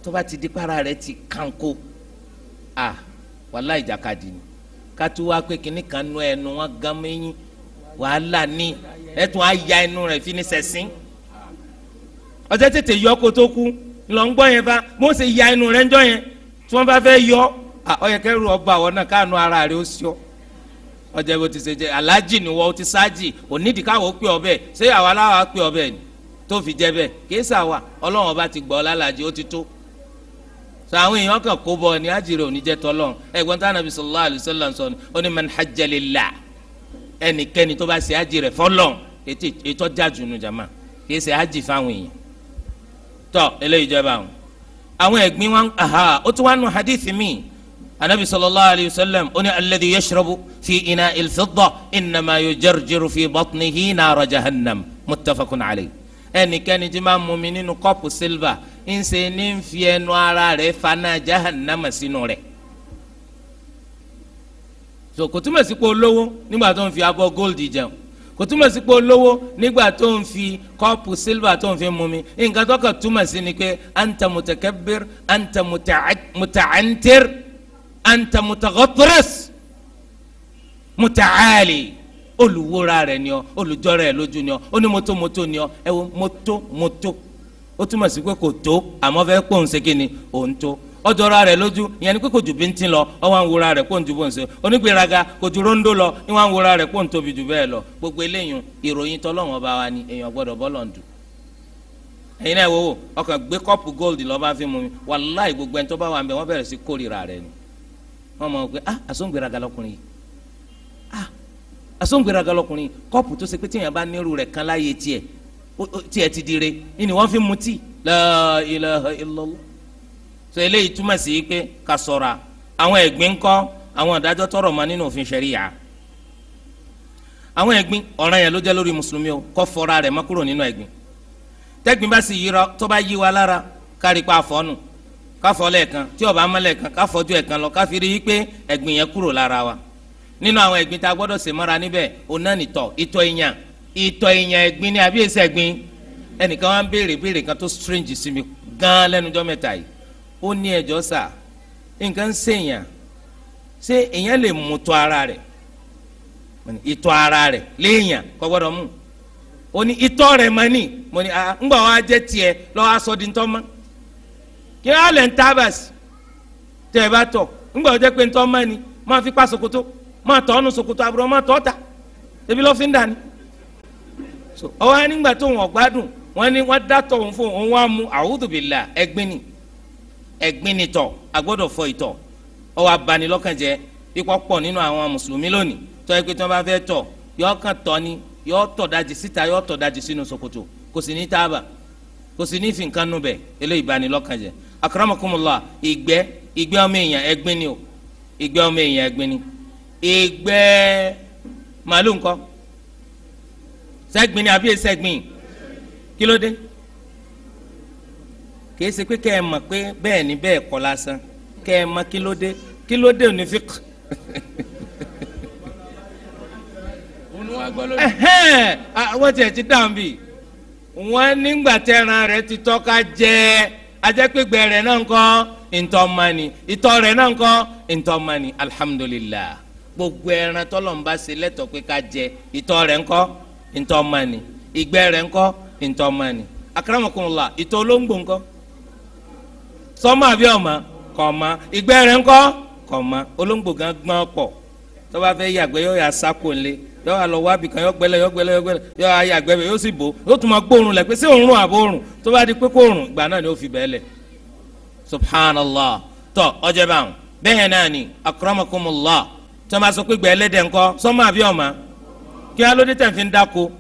tó bá ti di para rẹ̀ ti kanko a wàhálà ìjàkadì ni kátó wá pé kínní kan nú ẹnu wọn gan mẹyìn wàhálà ni ẹtùn á ya ẹnu rẹ̀ fi ní sẹsìn ọtẹ tètè yọ kó tó kú lọ ń gbọ́ yẹn fa mo sì ya ẹnu rẹ̀ ń jọ yẹn tí wọ́n bá fẹ́ yọ ọyẹkẹrù ọba àwọn náà káànú ara rẹ̀ ó sọ ọjà bó ti ṣe jẹ aláàjì ni wọ́n ti ṣáàjì onídìí káwọ́ pé ọbẹ̀ ṣé àwa láwa pé ọbẹ̀ tó fi jẹ bẹ́ẹ̀ kí sàwa ọlọ́run ọba ti gbọ́ lálàjì ó ti tó so àwọn èèyàn kan kó bọ ni àjèrè òní jẹ tọlọ ẹgbọn tí anabi sallallahu alayhi wa sallam sọ ni ó ní man hajja lillah ẹnikẹ́ni tó bá ṣe àjèrè fọlọ ètò jájú nu jama kìí ṣe àjì fáwọn èèyàn tọ eléyìí jẹba àwọn àwọn ẹ̀gbin wọn aha ó tún wá nu hadith mi anabi sallallahu alayhi wa sallam ó ní alladhi yashrabu fi ina'il fidda innama yujarjiru fi batnihi nara jahannam muttafaqun alayhi ẹnikẹ́ni tí máa mumi nínú kọ́pù silver ńṣe ní ń fi ẹnu ara rẹ̀ fana jahannama sínú rẹ̀ so kò túmọ̀ sí pé olówó nígbà tó ń fi abọ́ gold jẹun kò túmọ̀ sí pé olówó nígbà tó ń fi kọ́ọ̀pù sílvà tó ń fi mú mi nǹkan tó kàn túmọ̀ sí ni pé anta mutakabbir anta mutaali olùwòra rẹ̀ ni ọ olùjọ́ra ẹ̀ lójú ni ọ onímọ́tò mọ́tò ni ọ ẹ wo mọ́tò mọ́tò. ó túmọ̀ sí pé kò tó àmọ́ fẹ́ pò ń ṣe kí ni tó ọjọ́ra rẹ̀ lójú ìyẹn ni pé kò lọ ọ wá ń wura rẹ̀ kó ń ju bó ń ṣe onígbèraga kò ju róńdó lọ ní wá ń wura rẹ̀ kó ń tóbi jù bẹ́ẹ̀ lọ gbogbo eléyìí ìròyìn tọ́lọ́wọ́n bá wa ni èèyàn gbọ́dọ̀ bọ́lọ̀ ń dù ẹ̀yin náà wò ó ọkàn gbé gold fi mu mi gbogbo ẹni tó bá wà ń bẹ wọ́n bẹ̀rẹ̀ sí kórìíra rẹ̀ ni wọ́n mọ̀ pé ah, tí ẹ ti dire ni wọ́n fi mutí la ilaha illallah so eléyìí túmọ̀ sí pé ká ṣọ́ra àwọn ẹ̀gbin ńkọ́ àwọn ìdájọ́ tọrọ ma nínú òfin ṣẹ̀ríyà àwọn ẹ̀gbin ọ̀ràn yẹn ló jẹ́ lórí mùsùlùmí o kó fọra rẹ̀ mọ́ kúrò nínú ẹ̀gbin tẹ́gbin bá sì yíra tó bá yí wa lára kárí pa àfọ́nù káfọ́ lẹ́ẹ̀kan tí ó bá lẹ́ẹ̀kan káfọ́jú ẹ̀kan lọ káfi rí i pé ẹ̀gbin yẹn kúrò lára wa nínú àwọn ẹ̀gbin tá a gbọ́dọ̀ ṣe mọ́ra níbẹ̀ onánìtọ̀ ìtọ̀ ìyàn ìtọ̀ èèyàn ẹ̀gbin ni àbí èsì ẹ̀gbin ẹnìkan wá ń béèrè béèrè kan tó strange sí mi gan lẹ́nujọ́ mẹ́ta yìí ó ní ẹ̀jọ́ sà nǹkan ń ṣèyàn ṣé èèyàn lè mú tọ̀ ara rẹ̀ ìtọ̀ ara rẹ̀ léèyàn kò gbọ́dọ̀ mú ó ní ìtọ̀ rẹ̀ mọ́ ni mo ní ńgbà wá jẹ́ tiẹ̀ lọ́wọ́ aṣọ di ńtọ́ mọ́ kí wọ́n á lẹ̀ ń tábàs tẹ̀ ẹ bá tọ̀ ńgbà wọ́n jẹ́ pé ńtọ́ mọ́ ni máa fi pa ṣòkòtò máa tọ́ ọ́nù ṣòkòtò àbúrò máa tọ́ ebi lọ́ fi ń dà so ọwọ́ nígbà tó wọn gbádùn wọn ni wọn dátọ̀ òun fún òun wá mu àwùdùbìlà ẹgbin ni ẹgbin ni tọ̀ fọ ìtọ̀ ọwọ́ abanilọ́kànjẹ́ ikọ̀ pọ̀ nínú àwọn mùsùlùmí lónìí tọ́ ẹ tí wọ́n bá fẹ́ tọ̀ yọ kàn tọ́ ni yọ tọ̀ dajì síta yọ tọ̀ dajì sínú ṣòkòtò kò sì ní táàbà kò sì ní ìfìǹkan nù bẹ̀ eléyìí banilọ́kànjẹ́ akramakumullah ìgbẹ́ ìgbẹ́ ọmọ èèyàn ẹgbin ni o ìgbẹ́ ọmọ èèyàn ẹgbin ni ìgbẹ́ màlúù ńkọ́ sẹ́gbìn ni àbí sẹ́gbìn kí ló dé kìí ṣe pé kẹ́ ẹ mọ̀ pé bẹ́ẹ̀ ni bẹ́ẹ̀ kọ́ lásán kẹ́ ẹ mọ̀ kí ló dé kí ló dé òní fík. tiẹ̀ ti bì wọ́n nígbà rẹ̀ ti tọ́ka jẹ́ ajẹ́pẹ́gbẹ́ rẹ̀ náà kọ́ ntọ́mọ́ni ìtọ́ rẹ̀ náà kọ́ ntọ́mọ́ni alihamudulilayi gbogbo ntọ́ ọmọ ni ìgbẹ́ rẹ̀ ńkọ́ ntọ́ ọmọ ni akaramakunla ìtọ́ olóńgbò ńkọ́ sọmọ àbí ọmọ kọ̀ ọmọ ìgbẹ́ rẹ̀ ńkọ́ kọ̀ ọmọ olóńgbò gan gbọ́n pọ̀ tó bá fẹ́ yàgbẹ́ yóò yà sáko lé yóò lọ wá bìkan yóò gbẹ́lẹ̀ yóò gbẹ́lẹ̀ yóò gbẹ́lẹ̀ yóò yàgbẹ́ bẹ̀ yóò sì bò yóò tún máa gbóòórùn lẹ̀ pé sí òórùn di pé kó òórùn ìgbà ni ó fi bẹ́ẹ̀ subhanallah tọ ọjọ́ báwọn bẹ́ẹ̀ náà ni akaramakunla tó máa sọ pé gbẹ́ ẹlẹ́dẹ̀ kí alóde tẹ̀ fi ń dáko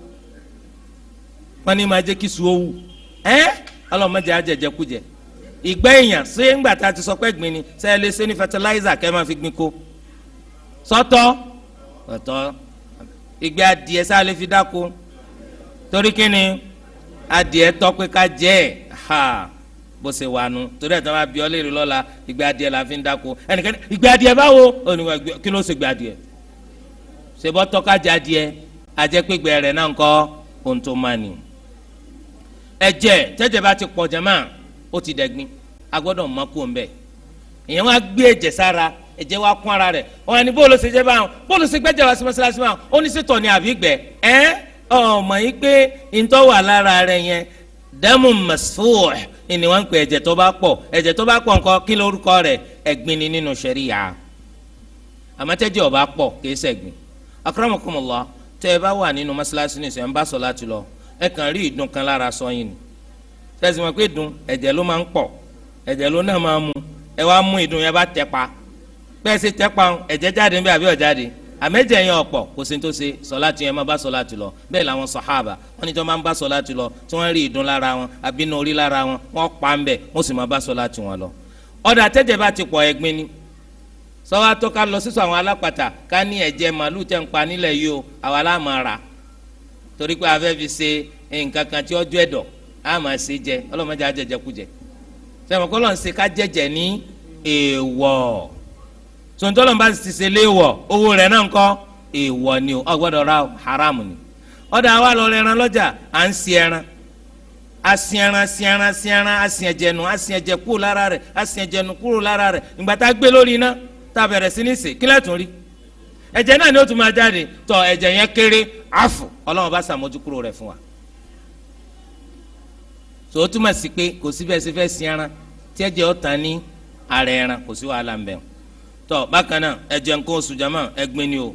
wọn ní máa jẹ́ kí sùn owó ẹ́ ọlọ́mọdé ajẹjẹkújẹ ìgbẹ́ èèyàn ṣé ńgbà tá a ti sọ pé gbin ni ṣe é lè ṣe ní fertilizer kẹ́ ẹ máa fi gbin ko sọ́tọ́ ọ̀tọ́ ìgbẹ́ adìẹ ṣá lè fi dáko torí kí ni adìẹ tọ́ pé ká jẹ́ ẹ̀ ha bó ṣe wà nù torí ẹ̀ tí wọ́n bí ọ léèrè lọ́la ìgbẹ́ adìẹ la fi ń dáko ẹnikẹ́ni ìgbẹ́ adìẹ báwo kí ló ṣe ìgbẹ́ adìẹ ṣe bọ́ tọ́ ká jẹ́ adìẹ ajẹ́pẹ́gbẹ́ rẹ̀ náà ń kọ́ ohun tó máa nì. ẹ̀jẹ̀ tẹ́jẹ̀ bá ti pọ̀ jẹ́mà ó ti dẹ̀gbin a gbọ́dọ̀ mọ́ kó ń bẹ̀. èèyàn wá gbé ẹ̀jẹ̀ sára ẹ̀jẹ̀ wá kún ara rẹ̀ ọ̀hún ni bóòlù ṣe jẹ́ báwọn bóòlù ṣe gbẹ́jẹ̀ wá sí mọ́ṣáláṣí báwọn ó ní sètò ní àbí gbẹ ẹ́ ọmọ yìí pé ntọ́ wà lára rẹ̀ yẹn dẹ́mu masfuh ni wọ́n ń pè ẹ̀jẹ̀ tó bá pọ̀ ẹ̀jẹ̀ tó bá pọ̀ nǹkan kí lórúkọ rẹ̀ ẹ̀gbin ni nínú ṣẹ̀ríyà àmọ́tẹ́jẹ̀ ọ̀bá pọ̀ kì í ṣẹ̀gbin akramakumullah tẹ́ ẹ bá wà nínú mọ́ṣáláṣí nìṣẹ́ ń bá sọ láti lọ ẹ kàn rí ìdun kan lára sọ yìí ni tẹ́sí wọn pé dùn ẹ̀jẹ̀ ló máa ń pọ̀ ẹ̀jẹ̀ ló náà máa ń mu ẹ wá mú ìdun yẹn bá tẹ pa bẹ́ẹ̀ sì tẹ pa ẹ̀jẹ̀ jáde níbẹ̀ àbí ọ̀jáde àmẹ́jẹ̀ yẹn ọ̀pọ̀ kò sí tó ṣe sọ̀láàtì yẹn máa bá sọ̀láàtì lọ bẹ́ẹ̀ làwọn sàhábà wọ́n ní tí wọ́n máa ń bá sọ̀láàtì lọ tí wọ́n rí ìdun lára wọn àbínú orí lára wọn wọ́n pa ń bẹ̀ wọ́n sì máa bá sọ̀láàtì wọn lọ. ọ̀dà tẹ́jẹ̀ bá ti pọ̀ ẹ̀gbin ni sọ́wọ́ atọ́ ká lọ sísọ àwọn alápàtà ká ní ẹ̀jẹ̀ màálù tẹ̀ ń pa nílẹ̀ yìí o àwa la máa nkankan torí pé a fi ṣe nǹkan kan tí ọjọ́ ẹ̀dọ̀ jẹ ọlọ́mọdé á kú jẹ sẹ́wọ̀n kọ́ lọ́n ṣe ká jẹjẹ ní èèwọ̀ sọ̀ńtọ́lọ́n bá ti se léèwọ̀ owó rẹ̀ náà ń kọ́ ni o haram ni ọ̀dà wa lọ rẹ̀ ẹran lọ́jà à ń ẹran kúrò lára kúrò lára tá a bẹ̀rẹ̀ sí ní sè kílẹ̀ tún rí ẹ̀jẹ̀ náà ni ó tún máa jáde tọ ẹ̀jẹ̀ yẹn kéré àfù ọlọ́run bá sàmójúkúrò rẹ̀ fún wa. tó o túmọ̀ sí pé kò síbẹ̀ sí ẹran tí ẹ̀jẹ̀ ó tán ní ara ẹran kò sí wàhálà ń tọ bákan náà ẹ̀jẹ̀ nǹkan oṣù jama ni o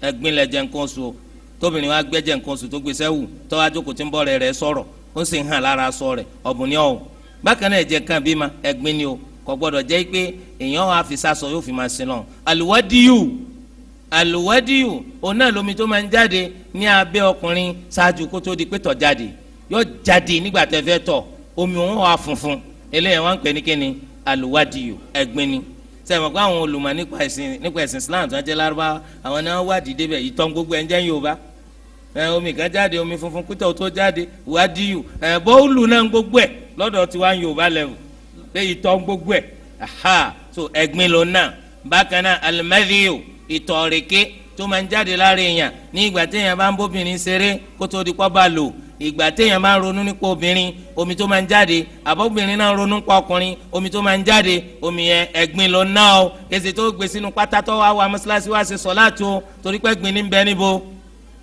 ẹ̀gbin lẹ̀jẹ̀ nǹkan oṣù o tóbìnrin wa gbẹ́jẹ̀ nǹkan oṣù tó gbèsè wù tọ́wájú kò ti ń bọ́ rẹ̀ rẹ̀ sọ̀rọ̀ ó sì ń hàn lára aṣọ rẹ̀ ọ̀bùn ni ọ̀ bákan kò gbọ́dọ̀ jẹ́ pé èèyàn wà fi sásọ yóò fi máa sin lọ àlùwádìyù àlùwádìyù òun náà lomi tó máa ń jáde ní abẹ́ ọkùnrin ṣáájú kó tó di pé tọ̀ jáde yóò jáde nígbà tẹ́ fẹ́ tọ̀ omi òun wà funfun eléyàn wà ń pè ní kíni àlùwádìyù ni sẹ́yìn mọ̀ pé àwọn olùmọ̀ nípa ẹ̀sìn nípa ẹ̀sìn Islam tó ń jẹ́ lárúbáwá àwọn náà wádìí débẹ̀ ìtọ́ gbogbo ẹ̀ ń jẹ́ Yorùbá omi kan jáde omi funfun kútó tó jáde wádìí ẹ bọ́ọ̀lù náà gbogbo ẹ lọ́dọ̀ tiwa Yorùbá lẹ́wọ̀ pé ìtọ̀ gbogbo ẹ̀ aha so ẹ̀gbin ló náà bákan náà alimẹ́díò ìtọ̀ rèké tó máa ń jáde lára èèyàn ní ìgbà téèyàn bá ń bóbìnrin ṣeré kó tó di pọ́ bá lò ìgbà téèyàn bá ń ronú nípa obìnrin omi tó máa ń jáde àbọ̀bìnrin náà ronú nípa ọkùnrin omi tó máa ń jáde omi yẹn ẹ̀gbin ló náà o èsì tó gbé sínú pátá tó wá mọ́ṣáláṣí wá ṣe sọ́láàtì o torí pé ẹ̀gbin ní bẹ́ẹ̀ níbo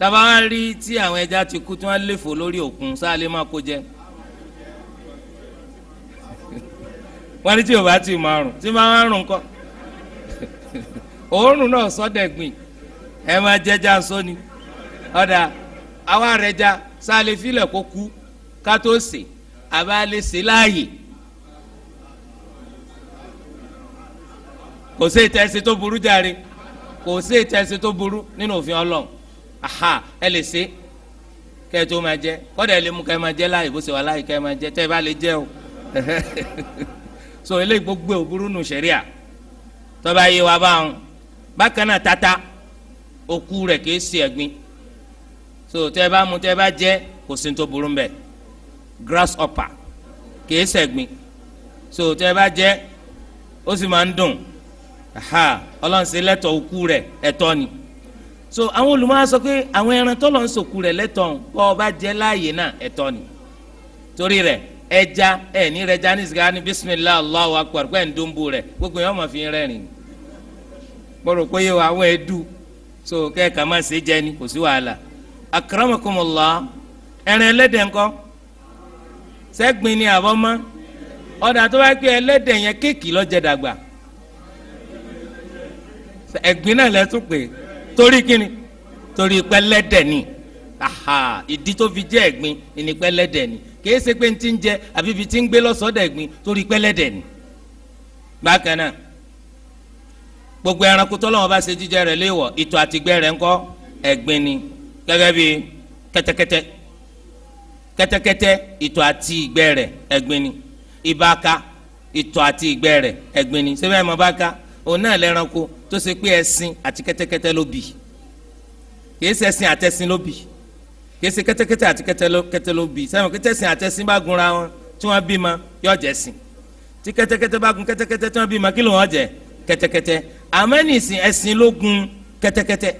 tàbá wá rí tí àwọn ẹja ti kú tí wọ́n lè lórí òkun sáà má kó jẹ wọ́n ní tí o bá ti máa rùn tí máa rùn kọ́ òórùn náà sọ́dẹ̀gbìn ẹ máa jẹjà sóni ọ̀dà àwa rẹja sáà lè filẹ̀ kó kú ká tó sè àbá lè sè láàyè. kò sí ìtẹ̀sí tó burú járe kò sí ìtẹ̀sí tó burú nínú òfin ọlọ́run aha ẹ lè ṣe kẹ́ ẹ tó máa jẹ kọ́dà ẹ lè mú kẹ́ ẹ máa jẹ láàyè bó ṣe wà láàyè kẹ́ ẹ máa jẹ tẹ́ ẹ bá lè jẹ o so eléyìí gbogbo òbúrú nù sẹ́ríà tọ́ba yìí wà báwọn bákan náà tata òkú rẹ̀ kìí ṣe ẹ̀gbin so tẹ́ ẹ bá mu tẹ́ ẹ bá jẹ kò sí tó burú mbẹ grasshopper kìí ṣẹ̀gbin so tẹ́ ẹ bá jẹ ó sì máa ń dùn ọlọ́run sí lẹ́tọ̀ọ́ òkú rẹ̀ ẹ̀tọ́ ni. so àwọn olùmọ̀ sọ pé àwọn ẹran tó lọ ń rẹ̀ lẹ́tọ̀ọ̀n kọ́ ọba jẹ́ láàyè náà ẹ̀tọ́ ni torí rẹ̀ ẹja ẹ̀ rẹ̀ já ní sìgá ní bisimilah allahu akbar pẹ́ fi rẹ́rìn mo pé yẹ so kẹ́ẹ̀ka máa ṣe jẹ ni kò sí wàhálà ẹran ẹlẹ́dẹ̀ ńkọ́ ni àbọ̀ ọ̀dà tó bá pé ẹlẹ́dẹ̀ yẹn torí kíni torí pẹlẹdẹ ni aha ìdí tó fi jẹ ẹ̀gbin ìní pẹlẹdẹ ni kìí ṣe pé ti ń jẹ àbí fi ti ń gbé lọsọdọ ẹ̀gbin torí pẹlẹdẹ ni bákan náà gbogbo ẹranko tọ́lọ́wọ́n bá ṣe jíjẹ rẹ̀ léèwọ̀ ìtọ̀ àtìgbẹ́ rẹ̀ ńkọ́ ẹ̀gbin ni gẹ́gẹ́ bí kẹ́tẹ́kẹ́tẹ́ kẹ́tẹ́kẹ́tẹ́ ìtọ̀ àti ìgbẹ́ rẹ̀ ẹ̀gbin ni ìbáka ìtọ̀ àti ìgbẹ́ rẹ̀ ẹ̀gbin ni ṣé bẹ́ẹ̀ mọ báka òun náà lẹ́ranko tó ṣe pé ẹṣin àti kẹ́tẹ́kẹ́tẹ́ ló bì kìí ṣe ẹṣin àtẹṣin ló bì kìí ṣe kẹ́tẹ́kẹ́tẹ́ àti kẹ́tẹ́kẹ́tẹ́ ló bì sẹ́wọ̀n kẹ́tẹ́ṣin àtẹṣin bá gunra wọn tí wọ́n bí ma yọ jẹ́ sìn tí kẹ́tẹ́kẹ́tẹ́ bá gun kẹ́tẹ́kẹ́tẹ́ tí wọ́n bí ma kí ló wọ́n jẹ kẹ́tẹ́kẹ́tẹ́ àmọ́ nìsín ẹṣin ló gun kẹ́tẹ́kẹ́tẹ́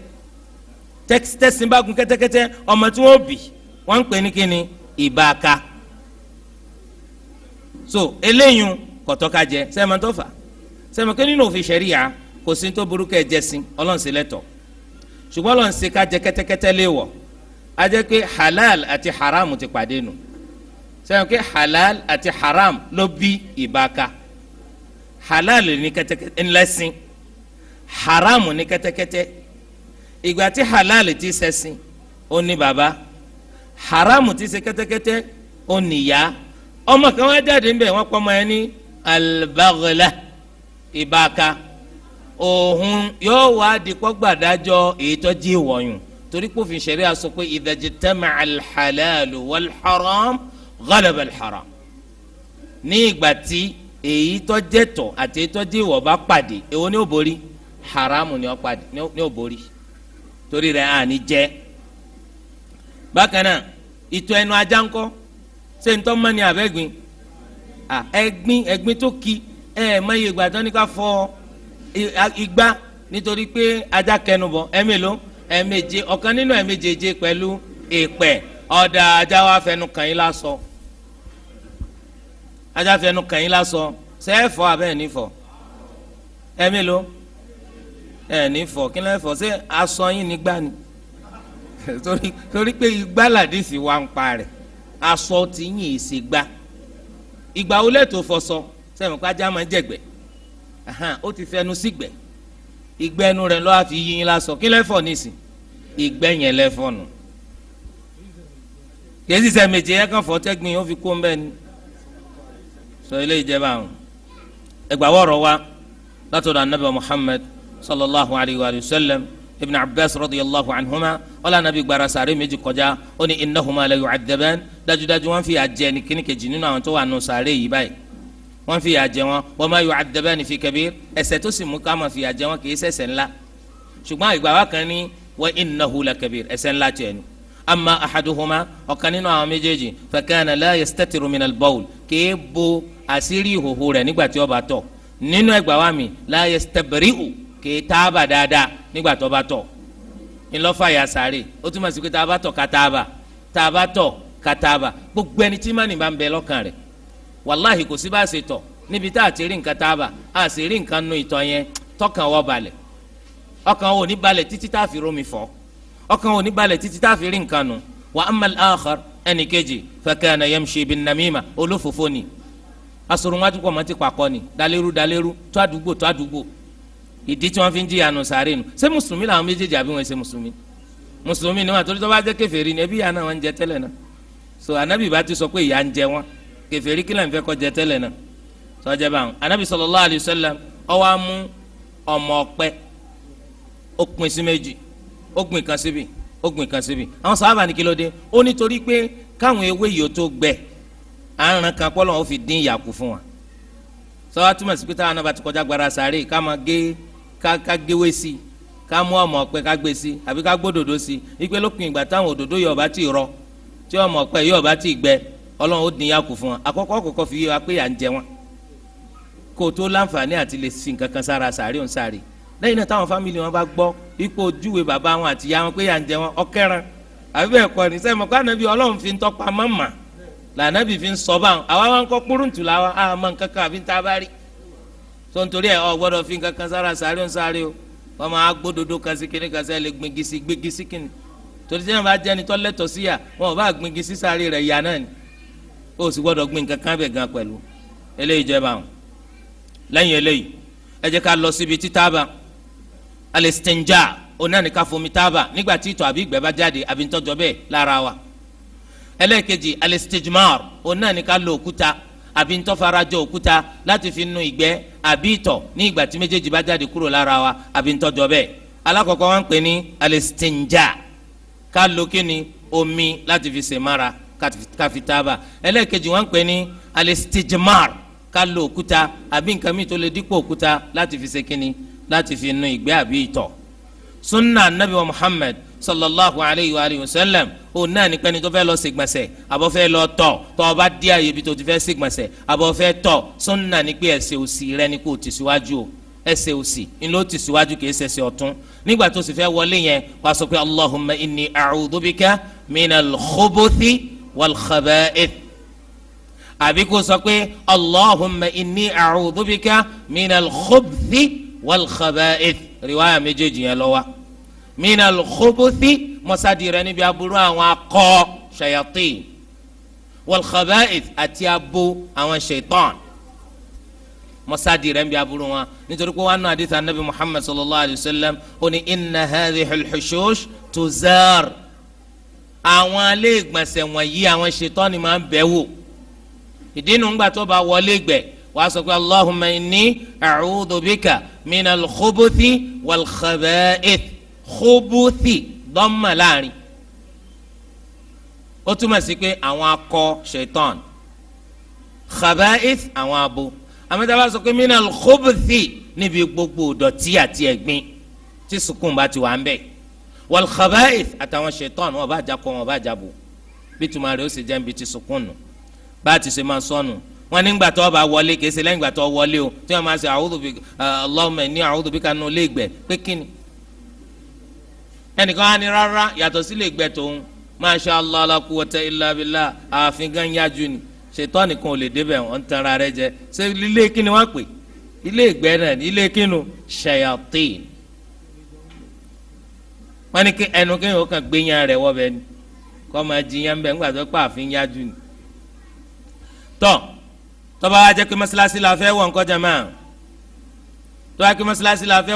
tẹ́sìn bá gun kẹ́tẹ́kẹ́tẹ́ ọmọ tí wọ́n bì wọ́n ń pè ní kíni ìbaaka so eléyìí kọ̀tọ́ka jẹ sẹ́mi tó fà sẹ́mi kí nínú òfin ṣẹ̀ríyà kò sí tó burúkú ẹ jẹsìn Ọlọ́run sì lẹ́tọ̀ ṣùgbọ́n Ọlọ́run sì ká jẹ kẹ́tẹ́kẹ́tẹ́ léèwọ̀ a jẹ́ pé halal àti haram ti pàdé nu sẹ́yìn pé halal àti haram ló bí ìbáka halal ní kẹ́tẹ́kẹ́tẹ́ ńlẹ́sìn haram ní kẹ́tẹ́kẹ́tẹ́ ìgbà tí halal ti sẹ́sìn ó ní bàbá haram ti ṣe kẹ́tẹ́kẹ́tẹ́ ó níyà ọmọ kan wá jáde ńbẹ wọn pọ́ ọmọ yẹn ní albaghla ìbáka òun yóò wá dikọ́ gbàdájọ́ ètò jí wọ̀nyún torí kò fi ṣẹ̀rí a sọ pé ìdajìtẹ́mà alḥàlàlù wàlḥàrám ghalaba alḥàrám ní ìgbà tí èyí tó jẹ́ tọ̀ àti èyí tó jẹ́ ìwọ̀ bá pàdé èwo ni ó borí haramu ni ó pàdé ni ó borí torí rẹ̀ àní jẹ́ bákan náà ìtọ̀ ẹnu ajá ńkọ́ ṣé ń tọ́ mọ́ àbẹ́gbin ẹ̀gbin ẹ̀gbin tó ki ẹ̀ ìgbà tó ní ká fọ́ ọ igba nítorí pé ajá kẹnubọ ẹ̀mélòó ẹ̀méje ọ̀kan nínú ẹ̀méjèèje pẹ̀lú ìpẹ́ ọ̀dà ajá wa fẹnu kàn yín lásọ ajá fẹnu kàn yín lásọ sẹ́ẹ̀fọ́ abẹ́ ẹ̀nífọ́ ẹ̀mélòó ẹ̀nífọ́ kí ló ń fọ́ ṣé aṣọ yín nígbà ni torí pé igbá làdìsí wa ń pa rẹ̀ aṣọ tí yín ìsìgbà ìgbà wo lẹ́tọ̀ọ́ fọṣọ sẹ́wọ̀n pé ajá máa ń jẹ̀gbẹ́ ó ti fẹnu sígbẹ́ ìgbẹ́nu rẹ̀ lọ́wọ́ àfi yín lásán kí lẹ́fọ̀ nísìn ìgbẹ́ yẹn lẹ́fọ̀ nù kèésì sẹ́mẹ̀jẹ̀ yẹ kàn fọ́ tẹ́gbìn ó fi kó mbẹ́ ni sọ ilé ìjẹba àwọn ẹgbàwọ̀rọ̀ wa látọ̀dọ̀ anabi muhammed sallallahu alayhi wa sallam ibn abbas radiyallahu anhuma wala anabi gbara sáré méjì kọjá ó ní innahuma la yu'adhaban dájúdájú wọn fi àjẹni kíníkejì nínú àwọn tó wà nù sáré yìí báyìí wọ́n fi yà jẹ wọn wọ́n máa yọ adabani fi kabir ẹ̀ṣẹ̀ tó sì mú ká máa fi yà jẹ wọn kì í ṣẹ̀ṣẹ̀ ńlá ṣùgbọ́n ìgbà wa kan ní wa innahu la kabir ẹ̀ṣẹ̀ ńlá tiẹ̀ ni amma ahaduhuma ọ̀kan nínú àwọn méjèèjì fakana la yastatiru minal bawl kì í bo àṣírí ìhòhò rẹ̀ nígbà tí ó bá tọ̀ nínú ẹgbà wa mi la yastabri'u kì í táàbà dáadáa nígbà tó bá tọ̀ ńlọ́fà yà sáré ó túmọ̀ sí pé táàbà tọ̀ kàtàbà táàbà tọ̀ kàtàbà gbogbo ẹni tí mánì bá ń bẹ lọ́kàn rẹ̀ wàláhì kò sí bá a ṣe tọ̀ níbi tá a ti rí nǹkan tá a bà a sì rí nǹkan nu ìtọ̀ yẹn tọkàn wọ balẹ̀ ọkàn wò ní balẹ̀ títí tá a fi romi fọ̀ ọkàn wò ní balẹ̀ títí tá a fi rí nǹkan nu wa amal akhar ẹnì kejì fakana yamshi bin namima olófòfó ni asorunwájú kọ̀ mọ́ ti pàkọ́ ni dalérú dalérú tó àdúgbò tó àdúgbò ìdí tí wọ́n fi ń jìyà nù sáré nu ṣé mùsùlùmí làwọn méjèèjì àbí wọn ṣe mùsùlùmí mùsùlùmí ni wọn àtòlítọ́ bá jẹ́ kèfèrí ni ẹbí ìyá náà wọn ń jẹ tẹ́lẹ̀ náà so anabi bá ti sọ pé ìyá ń jẹ wọn kèfèrí kí lẹ́nu fẹ́ kó jẹ tẹ́lẹ̀ náà sọjá bá wọn anabi sallallahu alayhi wa sallam ó wá mú ọmọ ọ̀pẹ ó pín sí méjì ó gbìn kan síbi ó gbìn kan síbi àwọn sábà ní kí ló dé ó nítorí pé káwọn ewé yìí ó tó gbẹ àrùn kan pọ́lọ́ ó fi dín ìyàkú fún wa sọ́wọ́ túmọ̀ sí pé táwọn ti kọjá gbára sáré ká máa gé ká géwé sí ká mú ọmọ ọ̀pẹ ká gbé sí àbí ká gbódòdó sí ipe lópin ìgbà táwọn òdòdó yóò bá ti rọ tí ọmọ ọ̀pẹ yóò bá ti gbẹ ọlọ́run ó dín yà kù fún wa àkọ́kọ́ kọ́kọ́ fi wá pé à ń jẹ wọn kó o tó láǹfààní àti lè fi nǹkan kan sára sàárè òun sàárè lẹ́yìn náà táwọn fámìlì wọn bá gbọ́ ipò ojúwe bàbá wọn àti ìyá wọn pé à ń jẹ wọn ọkẹ́ran àbí bẹ́ẹ̀ kọ́ ni sẹ́yìn mọ̀ká nàbí ọlọ́run fi ń tọ́pa mọ́mà lànàbí fi ń sọ báwọn àwa wọn kọ́ kúrúǹtù làwa àmọ́ nǹkan kan àfi ń ta bá rí tó nítorí ẹ ọ gbọ́dọ̀ fi nǹkan kan sára sáré ń sáré o wọn máa gbódodo kan sí kíní kan sí ẹ lè gbin gisi gbé gisi kíní torí sẹ́yìn bá jẹ́ni tọ́lẹ́tọ̀ síyà wọn ò bá gbin gisi sáré rẹ̀ yà náà ni o sì gbọ́dọ̀ gbin kankan bẹ̀ gan pẹ̀lú eléyìí jẹba o lẹ́yìn eléyìí ẹ jẹ́ ká lọ síbi títàbà alistinja onáni ká fomi tábà nígbà tí ìtọ̀ àbí ìgbẹ́ bá jáde àbí ntọ́jọ́ bẹ́ẹ̀ lára wa ẹlẹ́ẹ̀kejì alistijmar onáni ká lo òkúta àbí ntọ́farajọ òkúta láti fi nu ìgbẹ́ àbí ìtọ̀ ní ìgbà tí méjèèjì bá jáde kúrò lára wa àbí ntọ́jọ́ bẹ́ẹ̀ alákọ̀ọ́kọ́ wọn pè ní alistinja ká lo kíni omi láti fi ṣe káfi tábà ẹlẹ́ẹ̀kejì wọ́n ń pè ní alistijmar ká lo òkúta àbí nǹkan mìíràn tó lè dípò òkúta láti fi ṣe kínní láti fi nu ìgbẹ́ àbí ìtọ̀ sunna nabi wa muhammad sallallahu alayhi wa alihi wa sallam o náà ní pẹ́ni tó fẹ́ lọ ṣègbọ̀nsẹ̀ àbọ̀ fẹ́ lọ tọ̀ tọ́ ọ bá àyè ibi tó ti fẹ́ ṣègbọ̀nsẹ̀ àbọ̀ fẹ́ tọ̀ sunna ní pé ẹsẹ̀ òsì rẹ ni kò tì síwájú o ẹsẹ̀ òsì ni ló tì síwájú kì í ṣẹsẹ̀ ọ̀tún nígbà tó sì fẹ́ wọlé yẹn wàá sọ pé allahumma inni a'udhu bika minal wal khaba'ith àbí kó sọ pé allahumma inni a'udhu bika minal khubthi wal khaba'ith riwaya méjèèjì yẹn ló wà minal khubthi mọ́sádì rẹ níbi aburú àwọn akọ shayatin wal khaba'ith àti abo àwọn shaitan mọ́sáàdì rẹ̀ ń bi aburú wọn nítorí pé wọn náà àdìsá nabi muhammad sallallahu alayhi wa sallam ó ní inna hadhihi al tuzar àwọn alẹ́ ìgbọ̀nsẹ̀ wọ̀nyí àwọn ṣètọ́ ni máa ń bẹ̀ wò ìdínú ńgbà tó bá wọlé gbẹ̀ wàá sọ pé allahumma inni a'udhu bika minal khubuthi wal khaba'ith khubuthi dọ́mà láàrin ó túmọ̀ sí pé àwọn akọ ṣètọ́n khaba'ith àwọn abo àmọ́ tá sọ pé minal khubuthi níbi gbogbo ìdọ̀tí àti ẹ̀gbin tí sukùn bá ti wà ń bẹ́ẹ̀ wal khaba'ith àtàwọn ṣètọ́n wọn bá jà kọ́ wọn bá jà bò bí tuma rẹ̀ ó sì jẹ́ níbi ti sukùn nù bá a ti ṣe máa sọnù wọn nígbà tó bá wọlé kìí ṣe lẹ́yìn ìgbà tó wọlé o tí wọn máa ṣe a'udhu bi eh, Allahumma inni a'udhu bika nù pé kíni ẹnìkan á ní rárá yàtọ̀ sí lè tòun masha allah la quwwata illa ààfin gan yájú ni ṣètò nìkan ò lè débẹ̀ wọ́n ń tanra rẹ jẹ ṣé ilé kíni wọ́n pè ilé ìgbẹ́ náà ilé kínu shayatin wọ́n ní ẹnu kéèyàn ó kàn gbéyàn rẹ̀ wọ́bẹ̀ ni kọ́ máa jiyàn bẹ́ẹ̀ ńgbà tó pa àfin yájú ni. tọ́ tọ́ba wa jẹ́ pé mọ́sálásí la fẹ́ wọ̀ ńkọ́ jẹ́ máa tọ́ba pé mọ́sálásí la fẹ́